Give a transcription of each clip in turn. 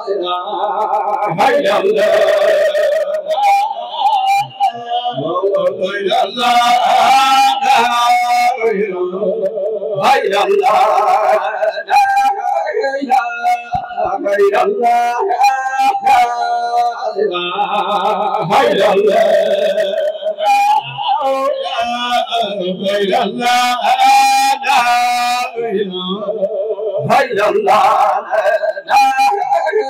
إله إلا الله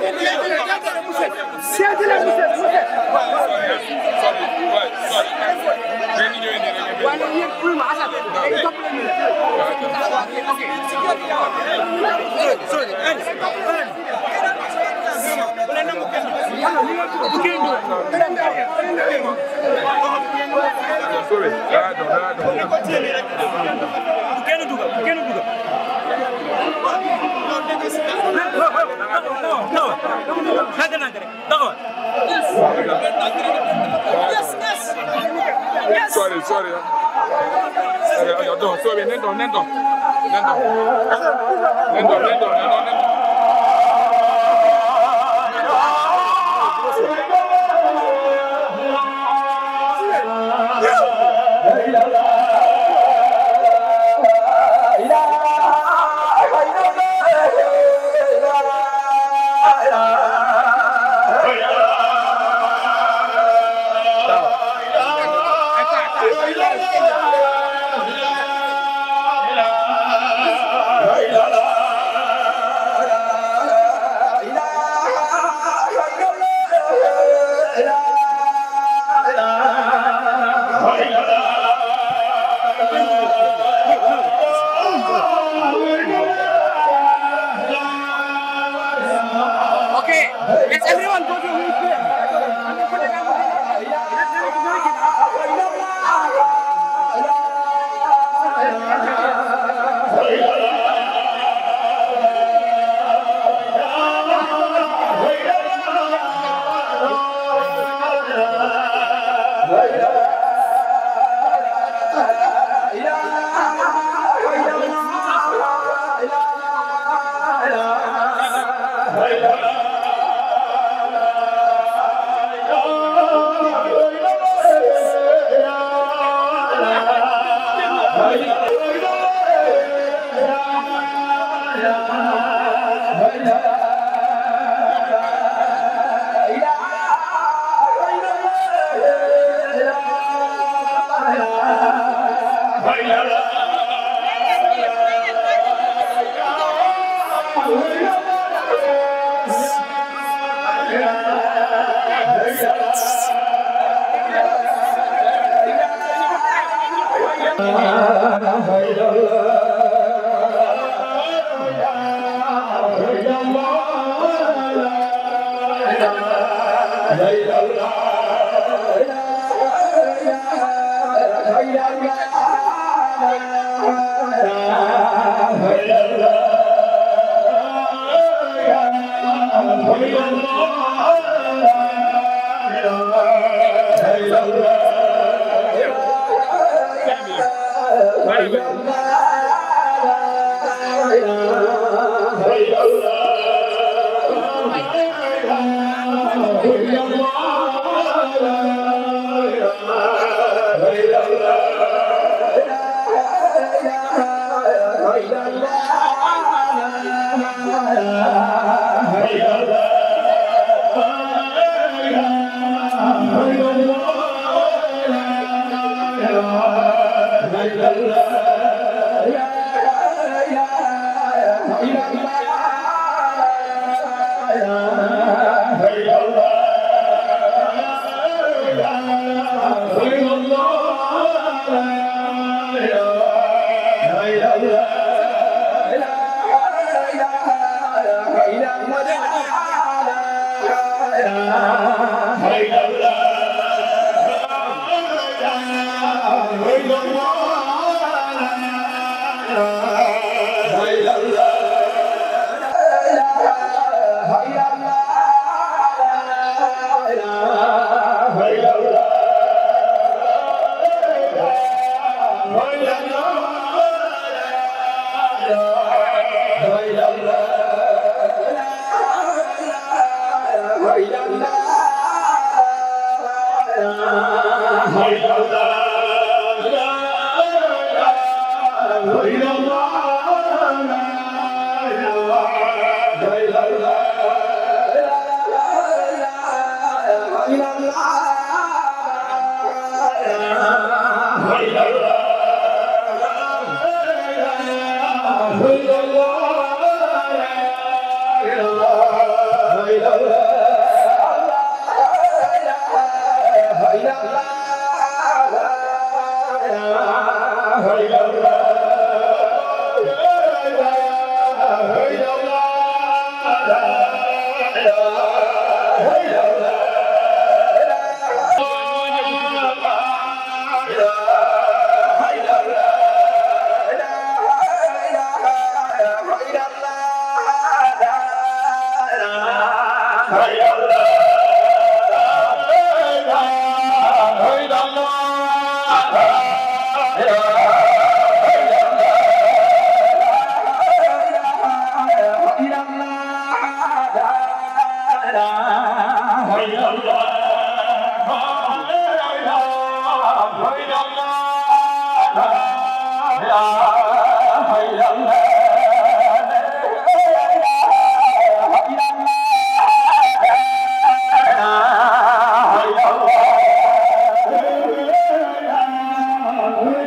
Sorry, I don't know. Bukenu duga, bukenu duga. Sorry, sorry. Eh. Eh, eh, no, no, no. No, no, no. lento, lento, lento, lento, lento. Yeah.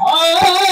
heart. Oh,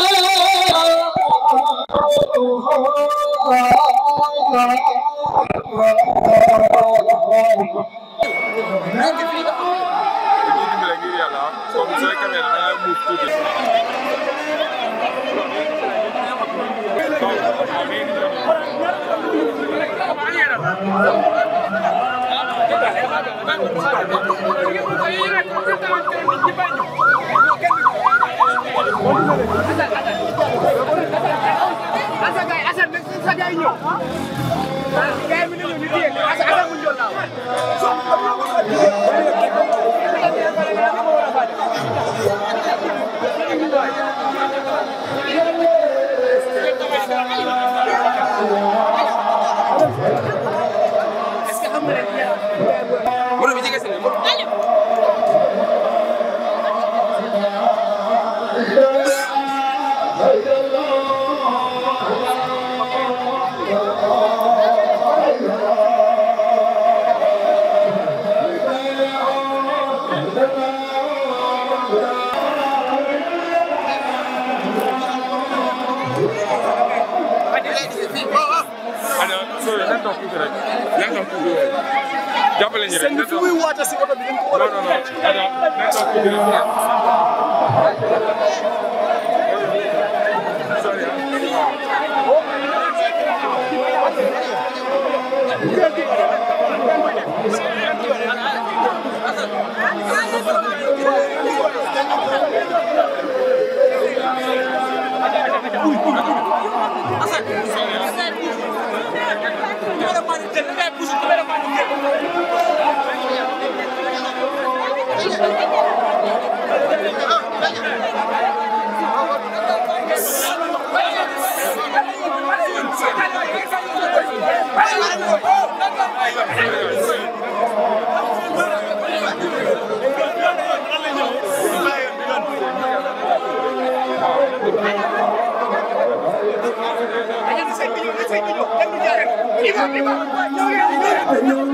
¡No, ¡No, no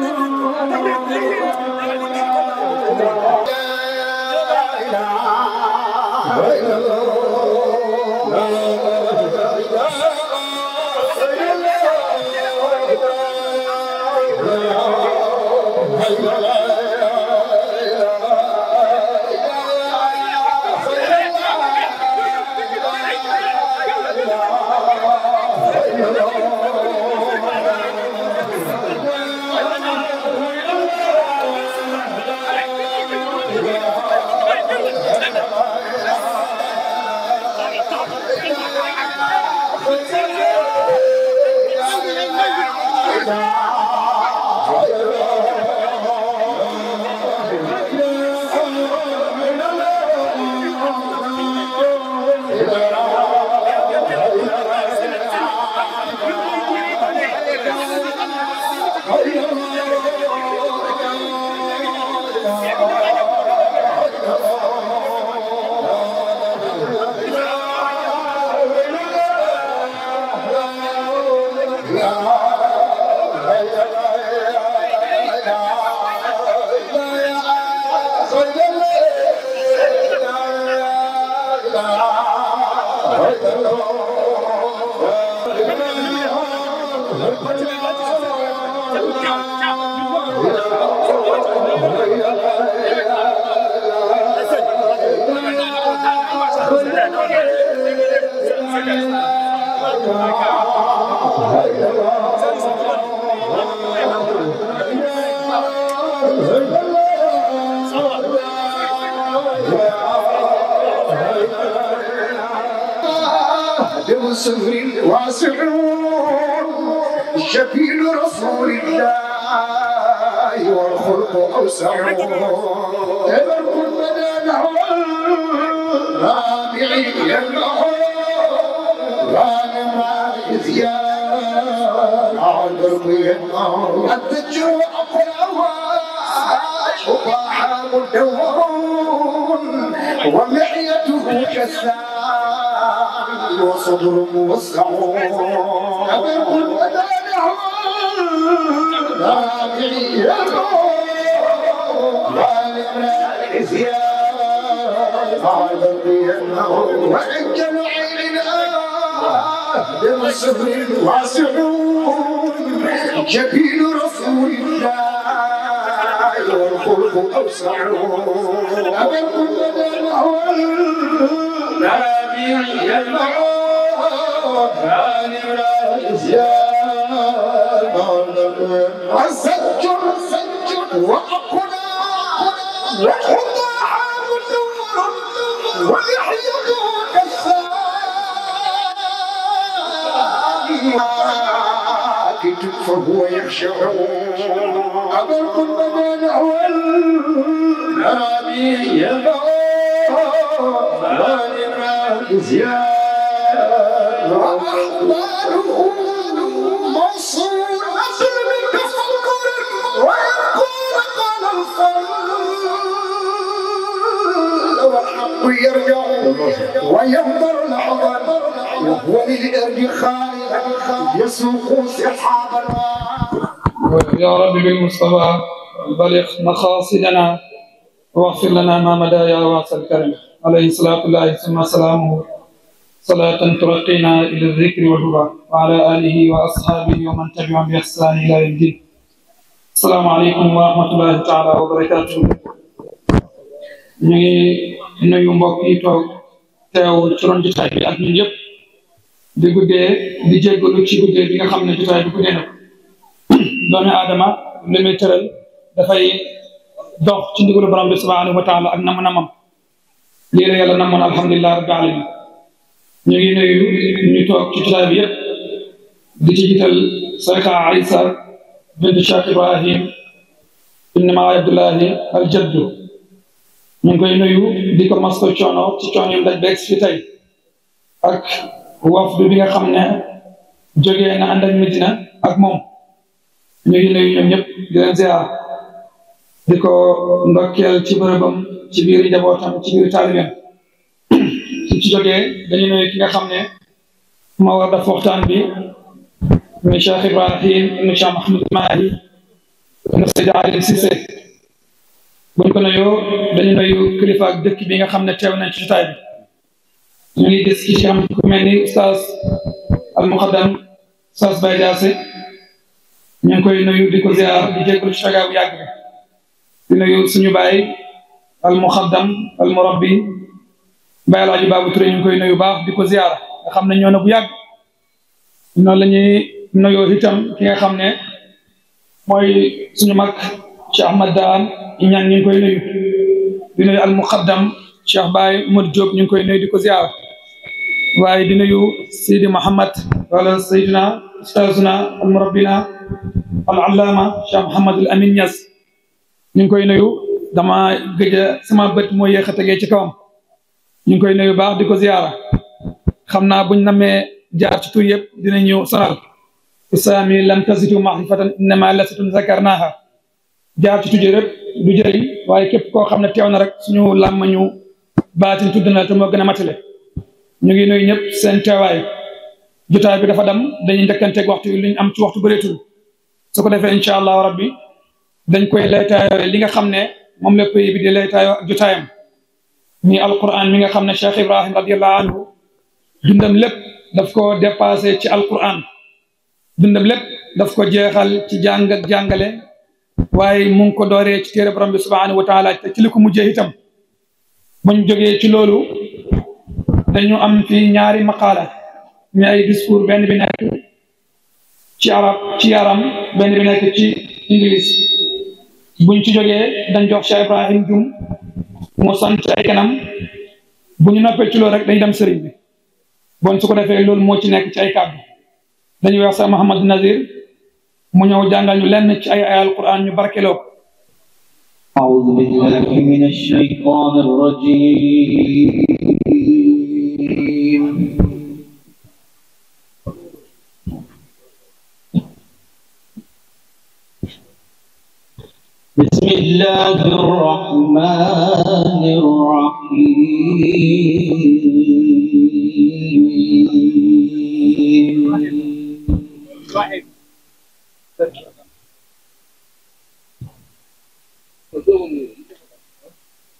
صبر واسعون جبين رسول الله والخلق أوسع تبرك المنان والرابع يمنعون قلبي ومحيته كسان وصدر موسع أبرق المدانع رابعي ظالم العزيان هذا وعجل عيننا للصبر جبين رسول الله والخلق أوسع أبا كل لا بيعي المعاد عن الله عام الدور والعام فهو يخشعون أبرق بدنه والنبي ظالما زياد من كف بتفكر ويقول قال الفضل والحق يرجع وينظر لحظا وهو للإرجخان يا رب بالمصطفى بلغ مقاصدنا واغفر لنا ما مدى يا واسع الكرم عليه الصلاه والسلام ثم سلامه صلاة ترقينا إلى الذكر والهدى وعلى آله وأصحابه ومن تبعهم بإحسان إلى يوم الدين السلام عليكم ورحمة الله تعالى وبركاته ñu ngi nuyu mbokk yi toog teew ci di guddee di jéggalu guddee bi nga xam ne jotaay bi guddee na doomi aadama li muy tëral dox ci ndigalu borom bi subhanahu wa taala ak namu namam lii la yàlla namoon alhamdulilah rabbi alamin ñu ngi nuyu ñu toog ci jotaay bi yëpp di ci jiital sayxa Aïssa bint Ibrahim ibn Maay Abdullahi al jaddu ñu ngi koy nuyu di ko masto coono ci coono yi mu daj beeg si tey waf bi bi nga xam ne jógee na ànd ak Medina ak moom ñu ngi nuyu ñoom ñëpp di leen ziar di ko ndokkeel ci bërëbam ci biir njabootam ci biir taalibeem su ci jógee dañu nuyu ki nga xam ne moo war def waxtaan bi muy Cheikh Ibrahim ibnu Cheikh Mahamad Mahi ibnu Seydi Ali Cissé buñ ko nuyoo dañu nuyu kilifa ak dëkk bi nga xam ne teew nañ ci jotaay bi ñu ngi gis ci am ngi koy nuyu di ko ziar di jégalu caga bu suñu bàyyi al muqaddam al murabbi Baye Alaaji Baabu ñu koy nuyu baax di ko ziar xam ne na bu yàgg noonu la ñuy nuyoo nga xam ne mooy suñu mag Cheikh Ahmad Daan ñaan ñu ngi koy nuyu di nuyu al muqaddam Cheikh Baye ñu ngi koy nuyu di ko ziar. waaye di nuyu Seydi Mouhamed wala Seydina Oustazuna al murabbina al allaama Cheikh Mouhamed al Amin Niass ñu ngi koy nuyu dama gëj a sama bët moo yéex a tegee ci kawam ñu ngi koy nuyu baax di ko ziyaara xam naa buñ namee jaar ci tur yëpp dina ñëw sonal isaami lam tasitu mahrifatan innama lasitun zakarnaha jaar ci tujje rek du jëriñ waaye képp koo xam ne teew na rek suñu làmmañu baatin tudd na te moo gën a matale ñu ngi nuyu ñëpp seen teewaay jotaay bi dafa dam dañuy njëkkanteeg waxtu wi lu ñu am ci waxtu bëreetul su ko defee incha allahu rabbi dañ koy laytaayoo li nga xam ne moom lépp pays bi di laytaayoo ak jotaayam nii alquran mi nga xam ne Cheikh Ibrahim radiallahu anhu dundam lépp daf ko dépassé ci alquran dundam lépp daf ko jeexal ci jàng ak waaye mu ngi ko dooree ci téere borom bi subhanahu wa taala te ci li ko mujjee itam buñ ci loolu dañu am ci ñaari maqaala ñu ay discours benn bi nekk ci arab ci yaram benn bi nekk ci english buñ ci jógee dañ jox Cheikh Ibrahim Jum mu sant ay kanam bu ñu noppee ci loolu rek dañ dem sëriñ bi bon su ko defee loolu moo ci nekk ci ay kàddu dañuy wax sax Mouhamad Nazir mu ñëw jàngal ñu lenn ci ay ay alquran ñu barkeloo ko الله الرحمن الرحيم صحيح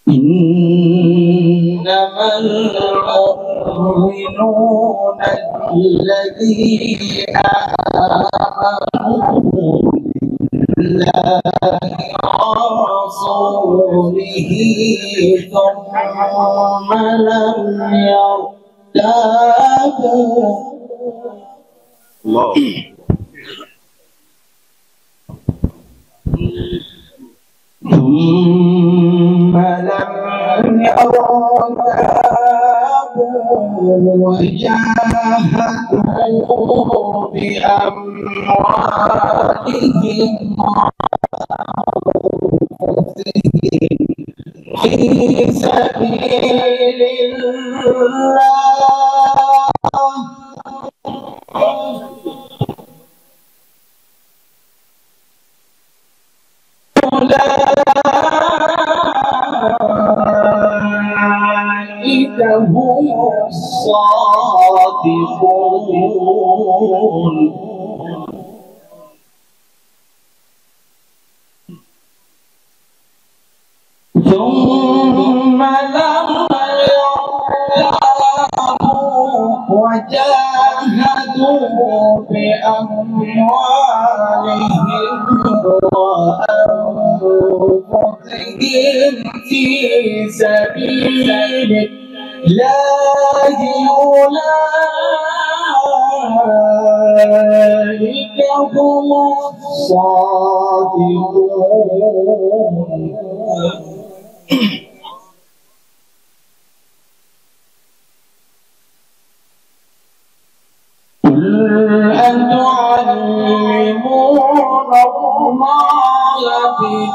إنما المؤمنون الذين آمنوا بالله ورسوله ثم لم يرتابوا الله ثم لم يرتابوا وجاهدوا بأموالهم وأنفسهم في سبيل الله أولئك هم الصادقون ثم لم يعلموا وجاهدوا بأموالهم وأنفسهم مطعم في سبيلك لا أولئك هم الصادقون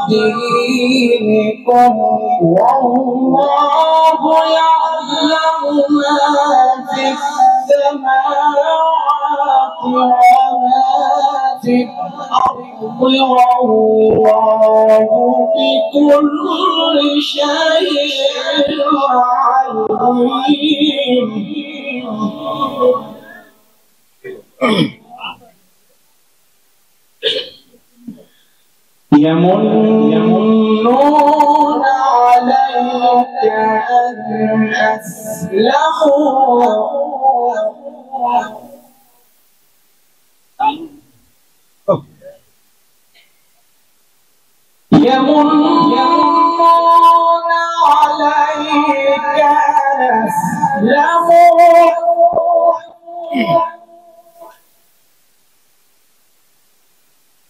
دينكم والله يعلم ما في السماوات وما في الأرض والله بكل شيء عليم يمنون عليك أن أسلموا يمنون عليك أن أسلموا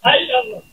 أي الله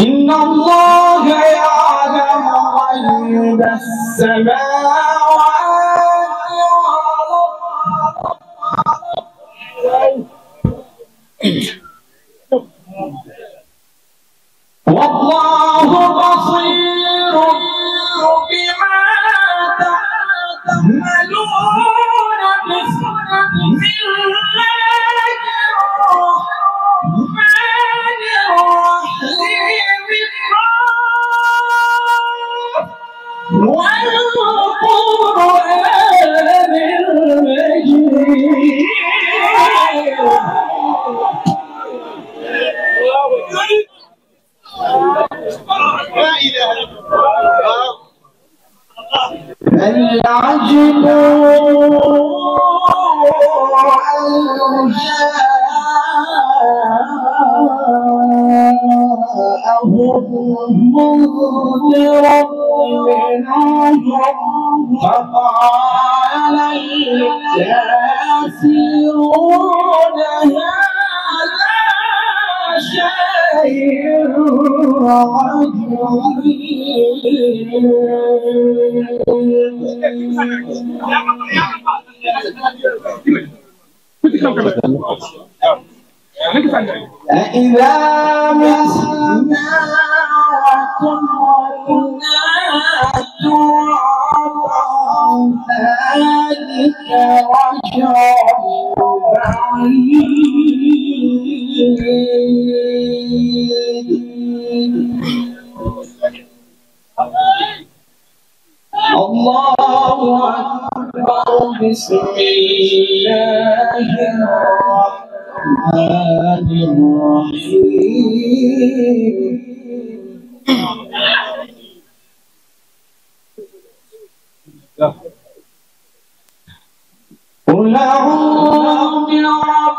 إن الله يعلم غيب السماوات والأرض والله بصير بما تعملون بسم الله الرحمن الرحيم لا إله إلا الله العجب أهم منذر منهم فقال الكافرون هذا أإذا مسنا وكنا ترابا ذلك رجع بعيد الله أكبر بسم الله الرحمن الرحيم قل أعوذ برب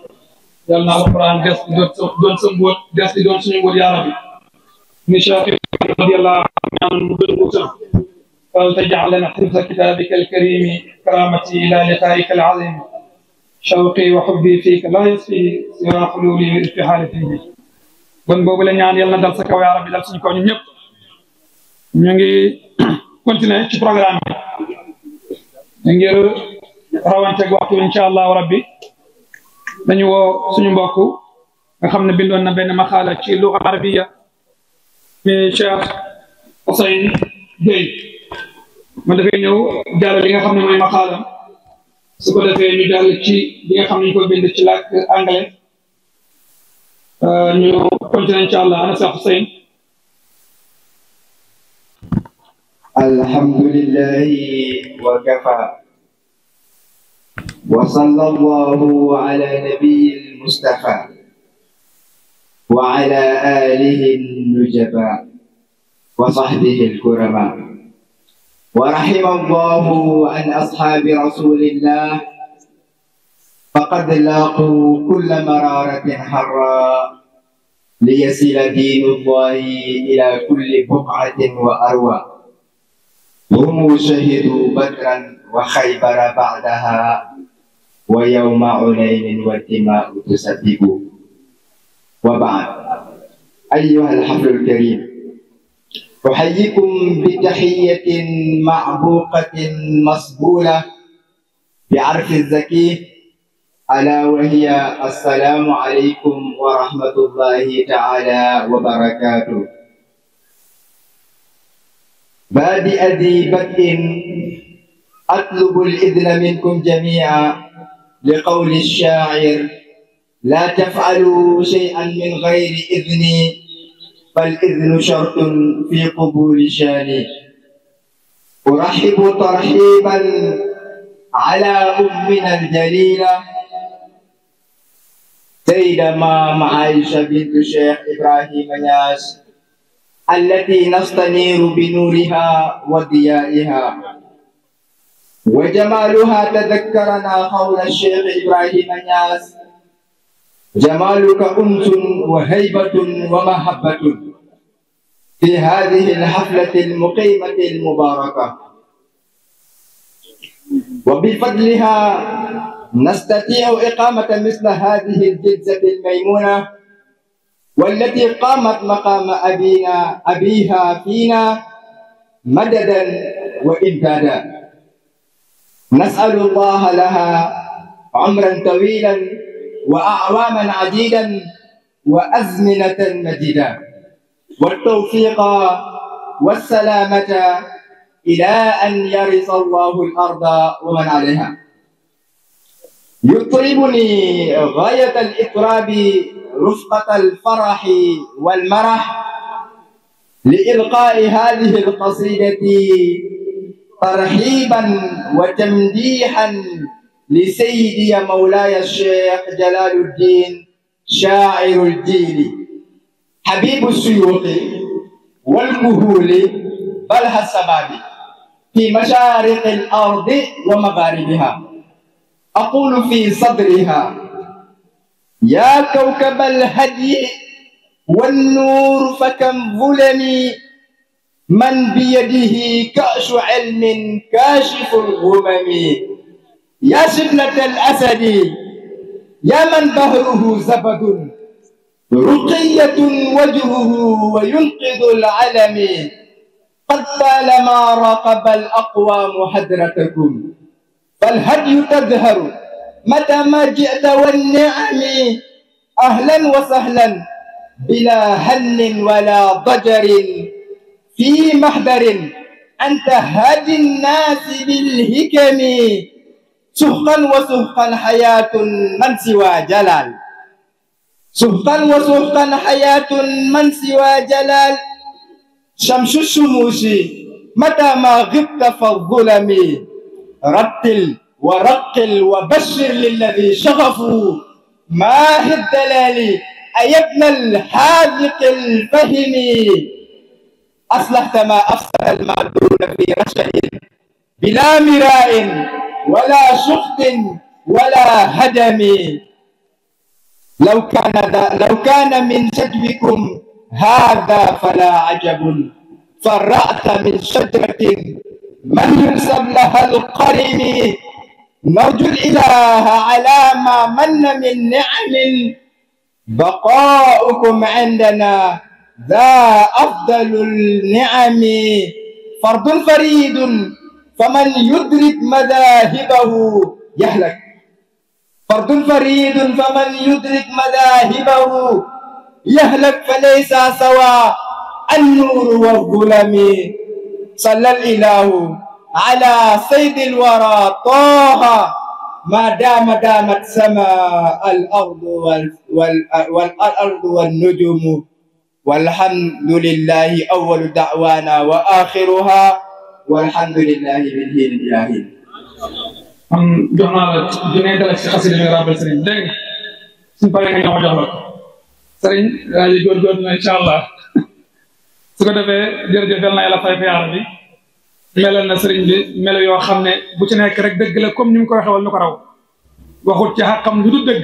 يلا القران دون سنبوت دس دون سنبوت يا ربي نشاكي رضي الله عنه بن بوسن قال تجعل لنا حفظ كتابك الكريم كرامتي الى لقائك العظيم شوقي وحبي فيك لا يصفي سوى خلولي في برنامج نيجي روان تقوى ان شاء الله وربي dañu woo suñu mbokku nga xam ne bindoon na benn maxaala ci luga arabiya mi Cheikh Ousseyn Gueye ma dafay ñëw li nga xam ne mooy maxaalam su ko defee ñu ci li nga xam ne ñu ko bind ci làkk anglais euh, ñu continuer incha allah ana Cheikh Ousseyn alhamdulillahi wa kafa وصلى الله على نبي المصطفى وعلى آله النجباء وصحبه الكرماء ورحم الله عن أصحاب رسول الله فقد لاقوا كل مرارة حرا ليصل دين الله إلى كل بقعة وأروى هم شهدوا بدرا وخيبر بعدها ويوم عليم والدماء تسبب وبعد أيها الحفل الكريم أحييكم بتحية معبوقة مصبولة بعرف الزكي ألا وهي السلام عليكم ورحمة الله تعالى وبركاته بادئ ذي بدء أطلب الإذن منكم جميعا لقول الشاعر لا تفعلوا شيئا من غير إذني فالإذن شرط في قبول شاني أرحب ترحيبا على أمنا الجليلة سيدة مام عائشة بنت الشيخ إبراهيم ياس التي نستنير بنورها وضيائها وجمالها تذكرنا قول الشيخ إبراهيم الناس جمالك أنس وهيبة ومحبة في هذه الحفلة المقيمة المباركة وبفضلها نستطيع إقامة مثل هذه الجلسة الميمونة والتي قامت مقام أبينا أبيها فينا مددا وإمدادا نسأل الله لها عمرا طويلا وأعواما عديدا وأزمنة مديدة والتوفيق والسلامة إلى أن يرث الله الأرض ومن عليها يطربني غاية الإطراب رفقة الفرح والمرح لإلقاء هذه القصيدة ترحيبا وتمديحا لسيدي مولاي الشيخ جلال الدين شاعر الدين حبيب السيوط والكهول بل السبابي في مشارق الأرض ومغاربها أقول في صدرها يا كوكب الهدي والنور فكم ظلمي من بيده كأس علم كاشف الغمم يا سبلة الأسد يا من بهره زبد رقية وجهه وينقذ العلم قد طالما راقب الأقوام حضرتكم فالهدي تظهر متى ما جئت والنعم أهلا وسهلا بلا هن ولا ضجر في محضر أنت هادي الناس بالهكم سحقا وسحقا حياة من سوى جلال سحقا وسحقا حياة من سوى جلال شمس الشموس متى ما غبت فالظلم رتل ورقل وبشر للذي شغفوا ما هي الدلال أي ابن الحاذق الفهم أصلحت ما أصلح المعذورون في رشد بلا مراء ولا شخط ولا هدم لو كان لو كان من شجبكم هذا فلا عجب فرأت من شجرة من يرسم لها القرن نرجو الإله على ما من من نعم بقاؤكم عندنا ذا أفضل النعم فرد فريد فمن يدرك مذاهبه يهلك فرد فريد فمن يدرك مذاهبه يهلك فليس سوى النور والظلم صلى الإله على سيد الورى طه ما دام دامت سماء الأرض والأرض والنجم والحمد لله أول دعوانا وآخرها والحمد لله من اجل ان يكون هناك افضل من اجل ان يكون هناك افضل من اجل ان يكون هناك افضل من ان يكون هناك افضل من اجل ان يكون هناك افضل من اجل ان يكون هناك افضل من اجل ان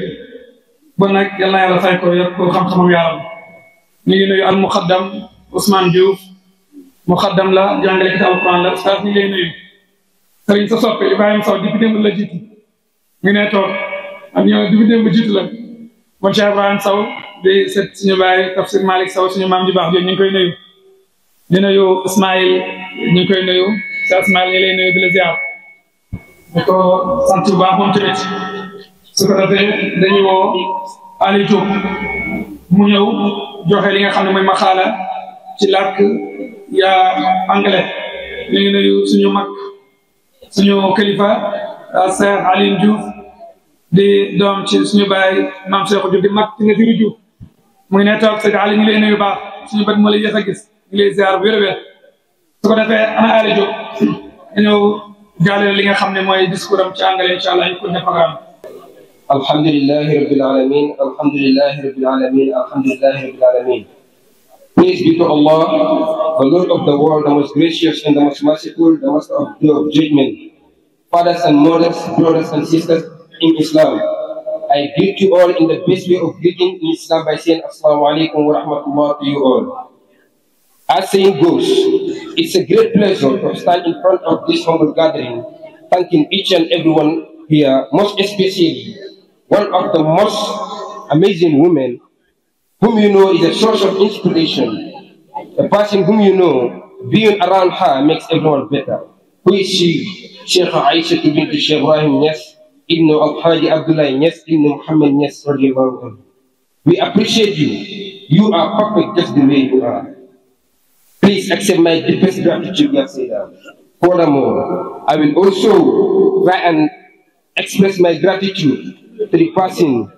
يكون هناك افضل من اجل ان يكون هناك افضل من اجل ان يكون هناك افضل من اجل ان يكون هناك افضل ñu ngi nuyu al muqaddam Ousmane Diouf la jàngalekat alquran la ustaas ñu ngi lay nuyu sa soppe Ibrahima Sow depuis démb la jiitu mi ne toog ak ñoo depuis démb jiitu la mon Cheikh Ibrahima Sow di seet suñu baay tafsir Malick Sow suñu maam ji baax jooju ñu koy nuyu di nuyu Ismaïl ñu koy nuyu Cheikh Ismaïl ñu lay nuyu di la ziar di baax moom tamit su ko defee dañuy woo Aliou mu ñëw joxe li nga xam ne mooy maxaala ci làkk yaa anglais ñu ngi nuyu suñu mag suñu kilifa Cheikh Alioune Diouf di doom ci suñu baay maam Cheikh Diouf di mag ci nga firi Diouf mu ngi ne toog ñu lay nuyu baax suñu bët moo lay yéex a gis ñu ngi lay ziar bu wér a wér su ko defee ana Ali Diouf dañoo jàllale li nga xam ne mooy discours am ci anglais incha allah ñu ko programme الحمد لله رب العالمين الحمد لله رب العالمين الحمد لله رب العالمين Praise be to Allah, the Lord of the world, the most gracious and the most merciful, the most of the judgment. Fathers and mothers, brothers and sisters in Islam, I greet you all in the best way of greeting in Islam by saying Assalamu alaikum wa rahmatullah to you all. As saying goes, it's a great pleasure to stand in front of this humble gathering, thanking each and everyone here, most especially one of the most amazing women whom you know is a source of inspiration. A person whom you know, being around her makes everyone better. Who is she? Sheikh Aisha bint Sheikh Ibrahim Yes, Ibn Al-Hadi Abdullah Yes, Ibn Muhammad Yes, We appreciate you. You are perfect just the way you are. Please accept my deepest gratitude, Furthermore, I will also try and express my gratitude three person,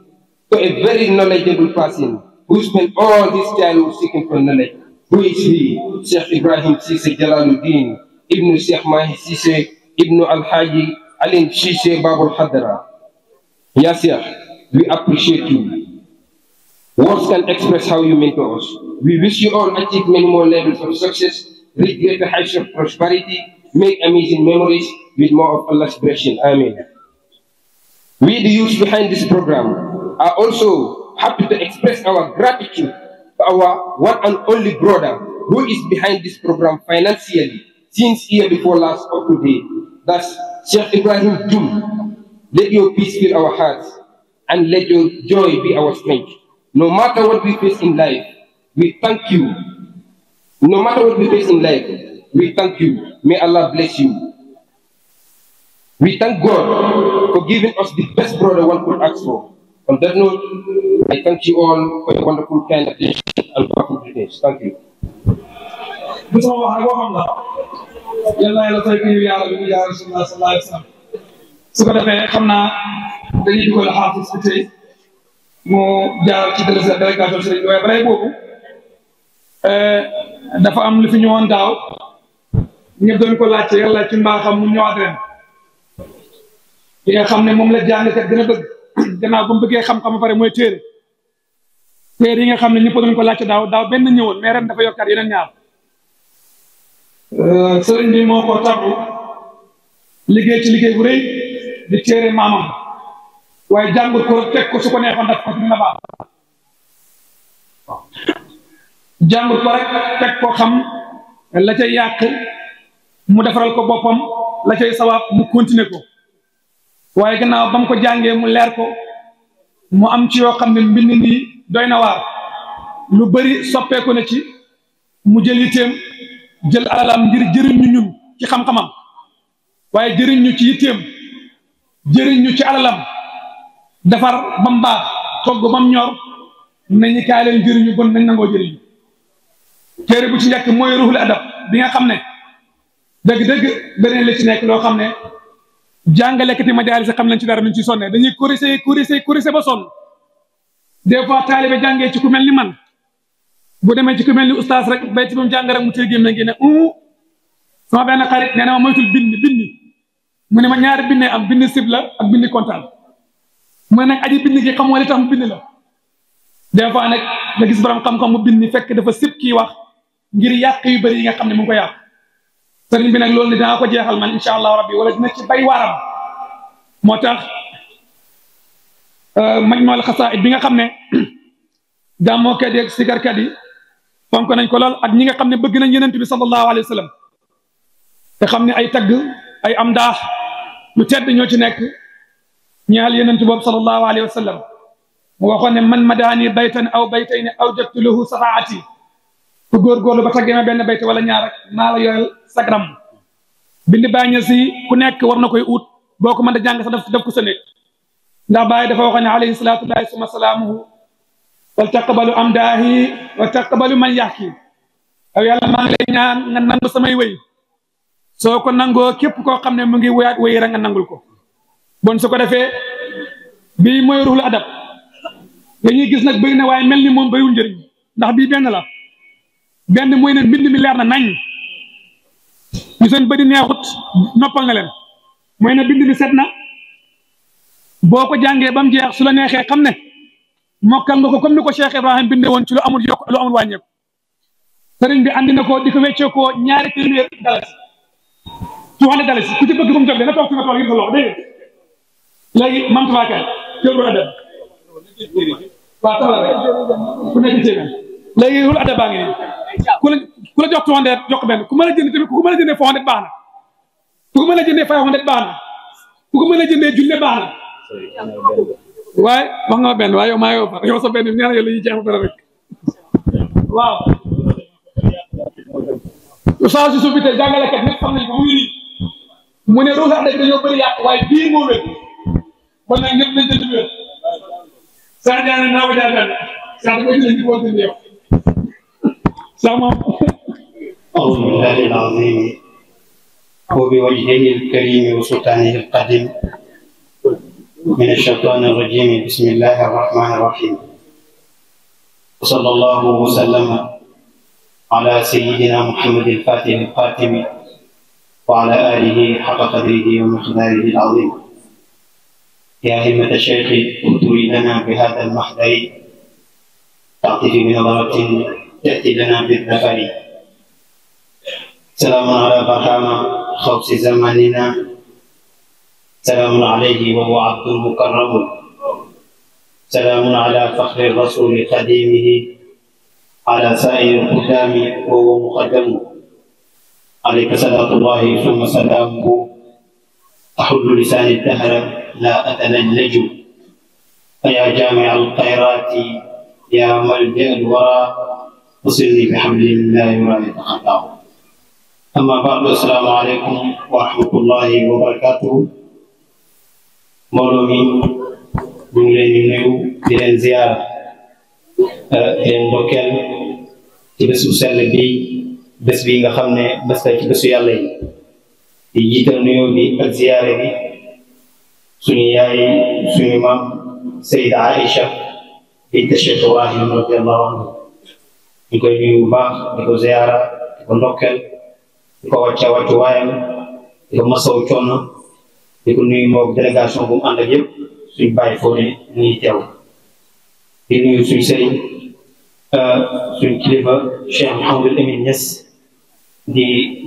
so a very knowledgeable person who spent all this time seeking for knowledge. Who is he? Sheikh Ibrahim Sise Jalaluddin, Ibn Sheikh Mahi Sise, Ibn Al-Haji, Alim Sise Babul Hadra. Yes, sir, we appreciate you. Words can express how you mean to us. We wish you all achieve many more levels of success, reach greater heights of prosperity, make amazing memories with more of Allah's blessing. Amen. We, the youth behind this program, are also happy to express our gratitude to our one and only brother who is behind this program financially since year before last up to date. That's Sheikh Ibrahim Jum. Let your peace fill our hearts and let your joy be our strength. No matter what we face in life, we thank you. No matter what we face in life, we thank you. May Allah bless you. We thank God for giving us the best brother one could ask for. On that note, I all for wonderful kind na yàlla su ko defee xam naa dañuy dugal xaafis bi tey mu jaar ci délai délégation sëriñ waaye balay boobu dafa am lu fi ñëwoon daaw ñëpp doon ko laajte yàlla ci mbaaxam mu ñëwaat ren. li nga xam ne moom la jàngkat gën a bëgg ba xam-xam ba pare mooy téere yi nga xam ne ñëpp doon ko daaw daaw benn ñëwoon mais ren dafa yokkaat yeneen ñaar euh, sëriñ bi moo ko ko teg ko su ko neexoon daf ko rek teg ko xam la cay yàq mu defaral ko boppam la cay sawaab mu continuer ko waaye gannaaw ba mu ko jàngee mu leer ko mu am ci yoo xam ne mbind nii doy na waar lu bari soppeeku na ci mu jël yitteem jël alalam ngir jëriñ ñu ñun ci xam-xamam waaye jëriñ ñu ci yitteem jëriñ ci alalam defar ba mu baax togg ba mu ñor nañu kaay leen jëriñu bon nañ nangoo jëriñu téere bu ci njëkk mooy ruuxul adab bi nga xam ne dëgg-dëgg beneen la ci nekk loo xam ne ma jàngalekati majaalis xam nañ ci dara ñu ci sonne dañuy corriger corriger corriger ba sonn des fois taalibe jàngee ci ku mel ni man bu demee ci ku mel ni ustaas rek bay ci ba mu jàng rek mu téye gémmiñ gi ne u benn xarit nee na ma bind bind mu ne ma ñaari bind am bind sib la ak bind comptable mu ne nag aji bind gi xamoo li tax mu bind la des fois nag nga gis borom xam-xam mu bind fekk dafa sib kii wax ngir yàq yu yi nga xam ne mu ko yàq sëriñ bi nag loolu dinaa ko jeexal man incha allahu rabbi wala dina ci bay waaram moo tax majmual xasaid bi nga xam ne jàmmookat yi ak sikarkat yi fonk nañ ko lool ak ñi nga xam ne bëgg nañ yenent bi sallallahu alayhi wa sallam te xam ne ay tagg ay am daax lu tedd ñoo ci nekk ñaal yenent boobu sallallahu alayhi wa sallam mu waxoon ne man madaani baytan aw baytayni aw jagtu lahu safaati ku lu ba tàggee ben bayte wala ñaar rek na la yoyal sagram bind bañu si ku nek war na koy ut boko man da jang sa daf daf ko sene ndax baye dafa wax ni alayhi salatu lahi suma wal taqbalu amdahi wa taqbalu man yahki aw yalla maa lay ñaan nga nang samay wey soko nango kep ko xamne mu ngi wuyat wey ra nga nangul ko bon su ko ruhul adab dañuy gis nak bëri na mel ni moom bëriwul ndax bi ben la benn mooy ne mbind mi leer na nañ ñu seen bëri neexut noppal na mooy ne bind mi set na boo ko jàngee ba jeex su la neexee xam ne mokkal nga ko comme ni ko Cheikh Ibrahim binde woon ci lu amul yokk lu amul wàññeeku sëriñ bi andi na ko di ko weccee koo ñaari téeméer dalasi two hundred ku ci bëgg bu mu jóg dana toog fi léegi hul adda baa ngi nii ku la ku la jox two hundred jox benn ku mën a jënd tamit ku mën a jëndee four hundred baax na ku mën a jëndee five hundred baax na ku mën a jëndee junne baax na waaye wax nga ma benn waaye yow maa yow far yow sa benn ñaar yow la ñuy jeex ba rek waaw saa si suuf bi tey jàngalekat ñëpp xam nañ ko muy nii mu ne ruusa adda bi dañoo bëri yàq waaye bii moo wér kon nag ñëpp nañ jënd wér saa jaane naa ko jaajal saa dama jënd ko jënd سلام أعوذ بالله العظيم وبوجهه الكريم وسلطانه القديم من الشيطان الرجيم بسم الله الرحمن الرحيم وصلى الله وسلم على سيدنا محمد الفاتح القاتم وعلى آله حق قدره ومقداره العظيم يا همة الشيخ اتوا لنا بهذا المحضر تعطي بنظرة تأتي لنا بالذكر سلام على برهام خوص زماننا سلام عليه وهو عبد مكرم سلام على فخر الرسول قديمه على سائر القدام وهو مقدم عليك صلاة الله ثم سلامه أحل لسان الدهر لا أتلجج فيا جامع الخيرات يا ملجأ الورى وصلني بحمد الله وما يتقدمه أما بعد السلام عليكم ورحمة الله وبركاته مولومي بنجلين نيو بلين زيارة بلين أه، بوكل تبس وسل بي بس بي نخمنا بس تاكي بس يالي يجيتر نيو بي الزيارة بي سني ياي سني مام سيدة عائشة بنت الشيخ ابراهيم رضي الله عنه ñu koy nuyu bu di ko ziyaara di ko ndokkeel di ko wàcce wàccu waayam di ko masaw coono di ko nuyu moog délégation bu mu ànd ak suñ bàyyi foo ne teew di nuyu suñ sëriñ euh, suñ kilifa Cheikh Mouhamadul Amin Niass di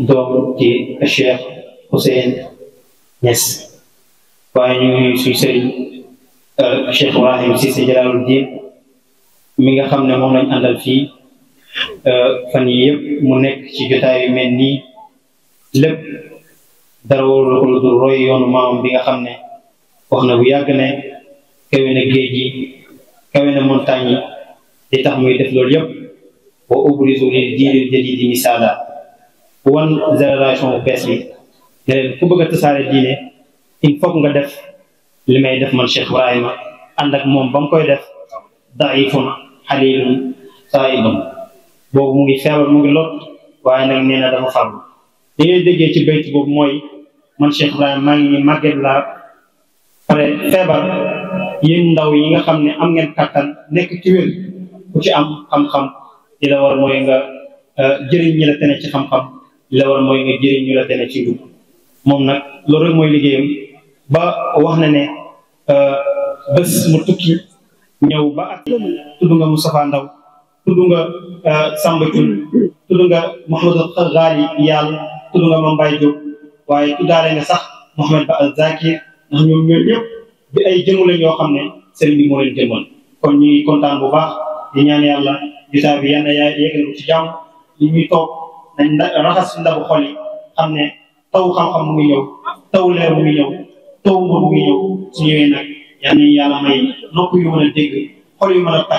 doom ci Cheikh Hussein Niass waaye ñu nuyu suñ sëriñ euh, Cheikh Ibrahim Cissé Jalaaluddin mi nga xam ne moom lañ àndal fii fan yi yëpp mu nekk ci jotaay yu mel nii lépp dara warul ko lu dul roy yoonu maamam bi nga xam ne wax na bu yàgg ne kawe na géej gi kawe na montagne yi li tax muy def loolu yëpp wa ubrizu lil jiilil jadiidi misaala wan génération bu bees bi ne leen ku bëgg a tasaare diine il faut nga def li may def man Cheikh Ibrahima ànd ak moom ba mu koy def daifun xalilun saibun boobu mu ngi feebar mu ngi lot waaye nag nee na dafa farlu déggee ci bayt boobu mooy man Cheikh Ibrahima maa ngi nii laa pare feebar yéen ndaw yi nga xam ne am ngeen kattan nekk ci wér ku ci am xam-xam li la war mooy nga euh, jëriñ ñi la tene ci xam moom nag loolu rek mooy liggéeyam ba wax na ne euh, bés mu tukki ñëw ba ak tudd nga Moustapha Ndaw tudd nga uh, Samba Thioune tudd nga Mouhamadou Xazaali yàlla tudd waaye tuddaale sax Mouhamed Ba Zakir ndax ñoom ñooñu ñëpp bi ay jëmu lañ yoo xam ne sëriñ bi moo leen jëmal kon ñu kontaan bu baax di ñaan yàlla jotaay bi yal na yaa yeggalu ci jàmm li toog raxas ndabu xol yi xam ne taw xam-xam mu ngi ñëw taw leer mu ngi ñëw taw mbër mu ngi ñëw su ñëwee nag yal nañu yàlla may nopp yu a dégg xol yu mën a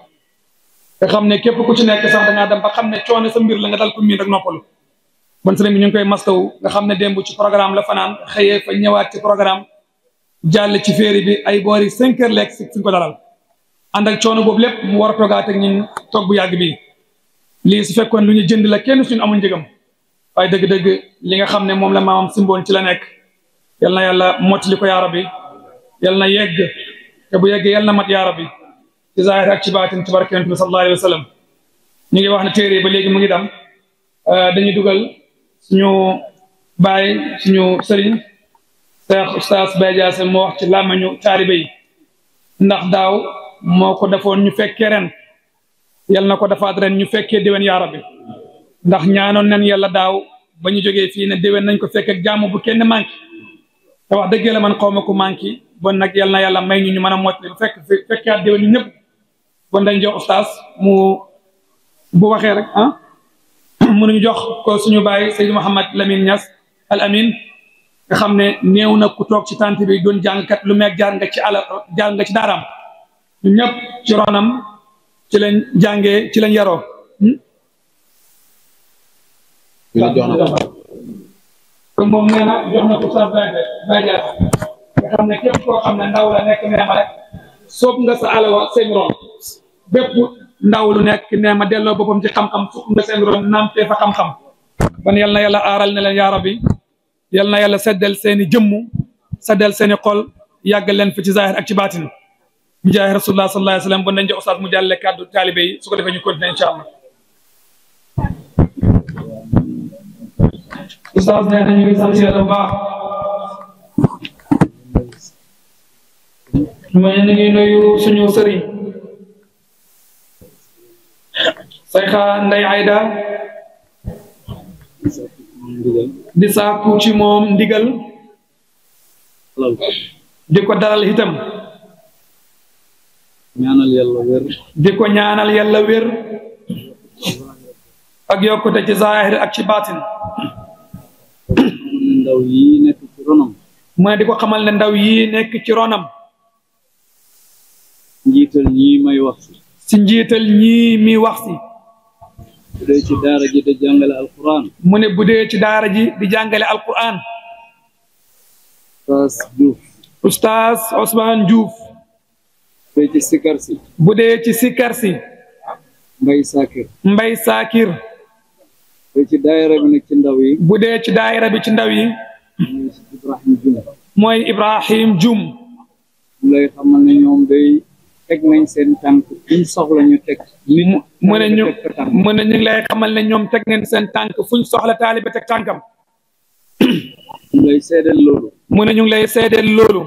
nga xam ne képp ku ci nekk sax da dem ba xam ne coone sa mbir la nga dal ko miin rek noppalu bon sëriñ bi ñu ngi koy mastawu nga xam ne dem bu ci programme la fanaan xëyee fa ñëwaat ci programme jàll ci féeri bi ay boori cinq heures lekk si suñ ko dalal ànd ak coono boobu lépp war a toogaat ak ñun toog bu lii su fekkoon lu ñu jënd la kenn suñu amul njëgam waaye dëgg-dëgg li nga xam ne moom la maamam simboon ci la nekk yal na yàlla mottali ko yaara bi yal na yegg te bu yeggee yal na mat yaara bi ci zaahir ak ci baatin ci barke yonent bi sallallahu alayhi ñu ngi wax ne téere ba léegi mu ngi dam euh, dañu dugal suñu bàyyi suñu sëriñ seex ustaas Baye Jaase moo wax ci làmmañu taalibe yi ndax daaw moo ko defoon ñu fekkee ren yal na ko defaat ren ñu fekkee déwén yaa rabbi ndax ñaanoon nañ yàlla daaw ba ñu jógee fii ne déwén nañ ko fekk ak jàmm bu kenn manqué te wax dëgg man xaw ma ko manqué bon nag yal na may ñu ñu mën a mot li bu fekk fekkee ñu ñëpp kon dañ jox oustaz mu bu waxee rek ah mënuñu jox ko suñu baay Seydou Mouhamed Lamine Niass al amin nga xam ne néew na ku toog ci tant bi doon jàngkat lu meeg jaar nga ci ala jaar nga ci ñëpp ci ronam ci leen jàngee ci lañ yaro hmm? kon moom nee na jox soob nga sa alawa seen ron bépp ndaw lu nekk ne ma delloo boppam ci xam-xam soob nga seen ron naam tee xam-xam kon yal na yàlla aaral na leen yaa rabbi yal na yàlla seddal seeni jëmm seddal seeni xol yàggal leen fi ci zahir ak ci baatin bi jaahi rasulullah sallallahu alayhi wa sallam bon nañ jox oustaz mu jàlle kàddu taalibe yi su ko defee ñu continuer incha na ñu ngi mooy ñu ngi nuyu suñu sëriñ sayxa nday ayda di saaku ci moom ndigal di ko dalal itam di ko ñaanal yàlla wér ak yokkute ci zaahir ak ci baatin ndaw mooy di ko xamal ne ndaw yi nekk ci ronam njiital ñii may wax si njiital ñii mi wax si bu dee ci daara ji di jàngale alquran mu ne bu dee ci daara ji di jàngale alquran ustaas Diouf ustaas bu dee ci sikar si bu dee ci mbay saakir mbay saakir bu dee ci bi ci ndaw yi Ibrahim Jum mooy Ibrahim Jum lay ne ñoom day teg nañ seen tànk fu ñu soxla ñu teg. mu ne ñu mu ne ñu lay xamal ne ñoom teg nañ seen tànk fu ñu soxla taalibe teg tànkam. ñu ngi lay seedeel loolu. mu ne ñu lay seedeel loolu.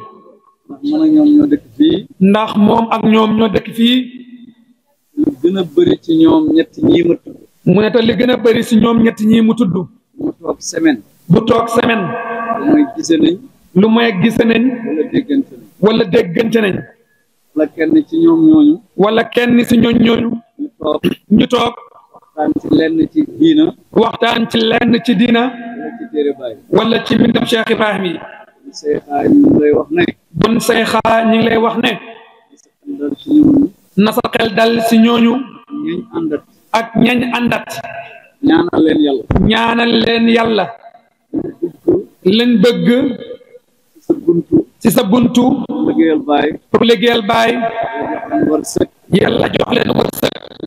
ndax moom ak ñoom ñoo dëkk fii. ndax moom ak ñoom ñoo dëkk fii. lu gën a ci ñoom ñett ñii mu tudd. mu gën a bëri si ñoom ñett ñii mu tudd. toog semaine. bu toog semaine. lu may gise nañ. lu may gise nañ. wala déggante nañ. wala kenn ci ñoom ñooñu. kenn ci ñoom ñooñu. ñu toog ñu toog. waxtaan ci lenn ci diina. waxtaan ci lenn ci Ibrahim yi. bon sayxaa ñu ngi lay wax ne. bon sayxaa ñu ngi lay dal ci ñooñu. ak ñañ àndat. ñaanal leen yàlla. leen bëgg. ci sa buntu. liggéeyal baay pour liggéeyal baay yàlla jox leen wërsëg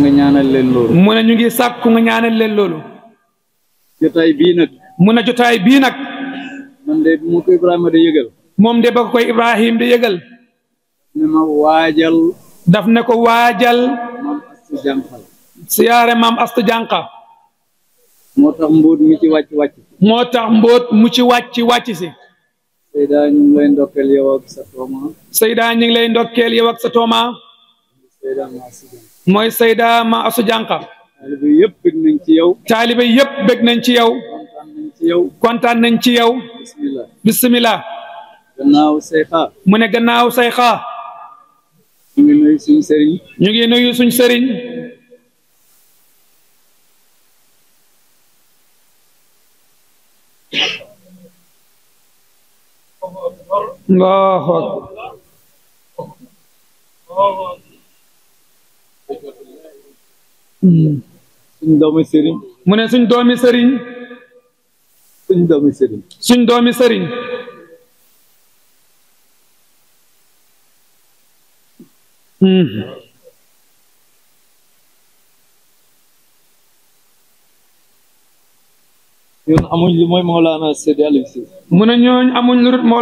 nga ñaanal leen loolu mu ne ñu ngi sàkku nga ñaanal leen loolu jotaay bii nag mu ne jotaay bii nag man de mu ko Ibrahima de yëgal moom de ba ko koy Ibrahima de yëgal ne ma waajal daf ne ko waajal maam astu jànqa siyaare maam astu jànqa moo tax mbóot mi ci wàcc wàcc moo tax mbóot mu ci wàcc wàcc si. Seyda ñu ngi lay ndokkeel yow ak sa tooma. Seyda ñu ngi lay ndokkeel yow sa tooma. mooy Seyda ma asu taalibe yëpp bég nañ ci yow. taalibe yëpp bég nañ ci yow. kontaan nañ ci yow. kontaan nañ ci yow. mu ne gannaaw sayxa. ñu ñu ngi nuyu suñ sëriñ. Allahu akbar hmm. suñ doomi sëriñ mu ne suñ doomi sëriñ suñ doomi sëriñ suñ doomi sëriñ mm ñun amuñ lu Mawlana Seydi Aliou Cissé. mu ne ñooñ amuñ anhu.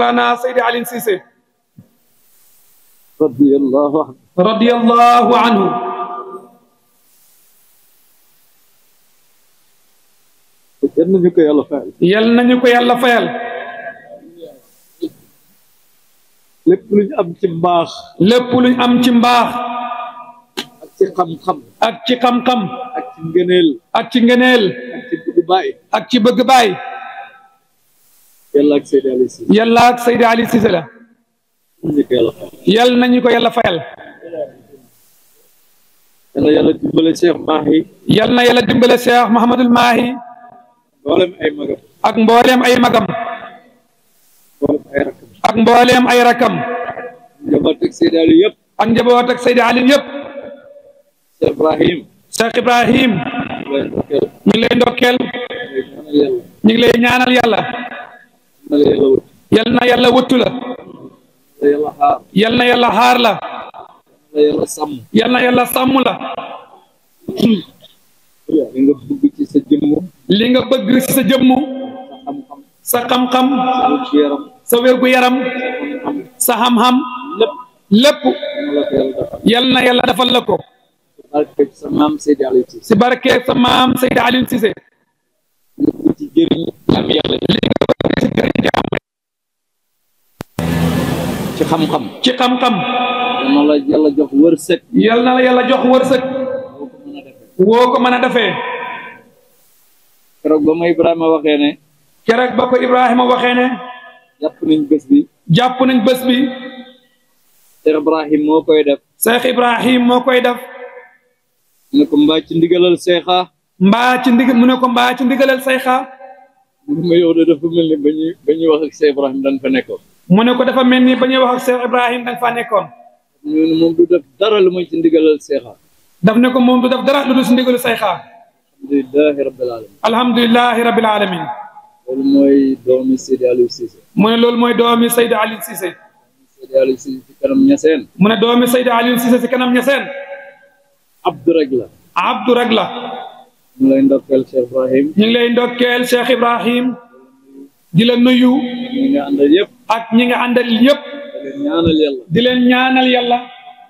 yal nañu ko yàlla fayal. yal lépp luñ am ci mbaax. lépp luñ am ci mbaax. baik. Ak ci bëgg baay. Yalla ak Seydi Ali Cissé. Yalla ak Ali la. Yalla ko yalla fayal. Yalla yalla dimbale Cheikh Mahi. Yalla yalla dimbale Cheikh Mahamadul Mahi. Mbolem ay magam. Ak mbolem ay magam. Ak mbolem ay rakam. ak Ali Ak ak Ali Cheikh Ibrahim. Cheikh Ibrahim. ñu ngi lay ndokkeel ñu ngi ñaanal yàlla yal na yàlla wëttu la yal na yàlla xaar la yal na yàlla sàmm la li nga bëgg ci sa jëmm sa xam-xam sa wérgu yaram sa xam-xam lépp yal na yàlla defal la ko ci barkeeg sa maam Seydi Aliou Cissé. ci barkeeg sa maam Seydi Aliou ci ci ci xam-xam. ci xam-xam. yal na jox na jox ko mën a ba ma Ibrahima waxee ne. keroog ba ko Ibrahima waxee ne. jàpp nañ bi. nañ bi. Cheikh Ibrahim moo koy def. Cheikh Ibrahim moo koy def. mu ne ko mbaa ci ndigalal seexaa mbaa ci ndig mu ne ko mbaa ci ndigalal seexaa mu ne ma yow de dafa mel ni ba ñuy ba ñuy wax ak Seex Ibrahim dañ fa nekkoon mu ne ko dafa mel ni ba ñuy wax ak Seex Ibrahim dañ fa nekkoon mu ne def dara lu muy ci ndigalal seexaa daf ne ko moom du def dara lu dul ci ndigalu seexaa alhamdulilahi rabbil alamin alhamdulilahi rabbil alamin loolu mooy doomi Seydi Aliou Cissé mu ne loolu mooy doomi Seydi Aliou Cissé Seydi kanam ñaseen abdu rek la. abdu rek la. ñu ngi lay ndokkeel Cheikh Ibrahim. ñu ngi lay ndokkeel Cheikh Ibrahim. di la nuyu. ñi nga àndal yëpp. ak ñi nga àndal yëpp. di leen ñaanal yàlla. di leen ñaanal yàlla.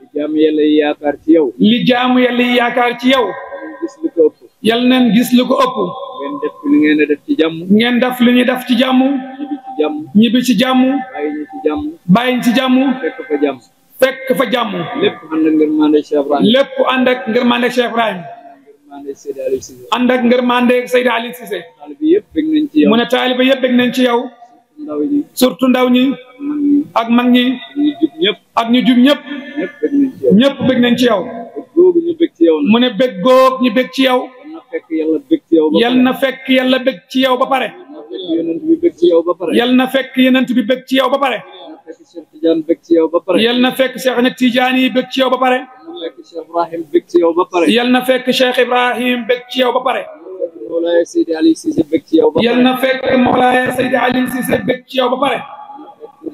li jaamu yàlla yi yaakaar ci yow. li jaamu yalla yi yaakaar ci yow. yal nañ gis li ko ëpp. ngeen def li ngeen def ci jamm ngeen def li ñuy def ci jàmm. ñibbi ci jàmm. ñibbi ci jàmm. bàyyi ñu ci jàmm. bàyyi ñu ci jàmm. fekk fa jàmm. lépp ànd ak ngërmande Cheikh Ibrahim. lépp ak ngërmande Cheikh Ibrahim. ànd ak ngërmande Seydou Aliou Cissé. mu ne taaliba nañ ci yow. surtout ndaw ñi. ak mag ñi. ak ñu jub ñëpp. ñëpp bég nañ ci yow. mu ne bég góog ñu bég ci yow. yal na fekk yàlla bég ci yow ba pare. yal na ci yow ba pare. yal na fekk yenent bi bég ci yow ba pare. يلنا فيك شيخ نتيجاني بكتي او ببره يلنا فيك شيخ ابراهيم بكتي او ببره مولاي سيدي علي سيسي بكتي او ببره يلنا فيك مولاي سيدي علي سيسي بكتي او ببره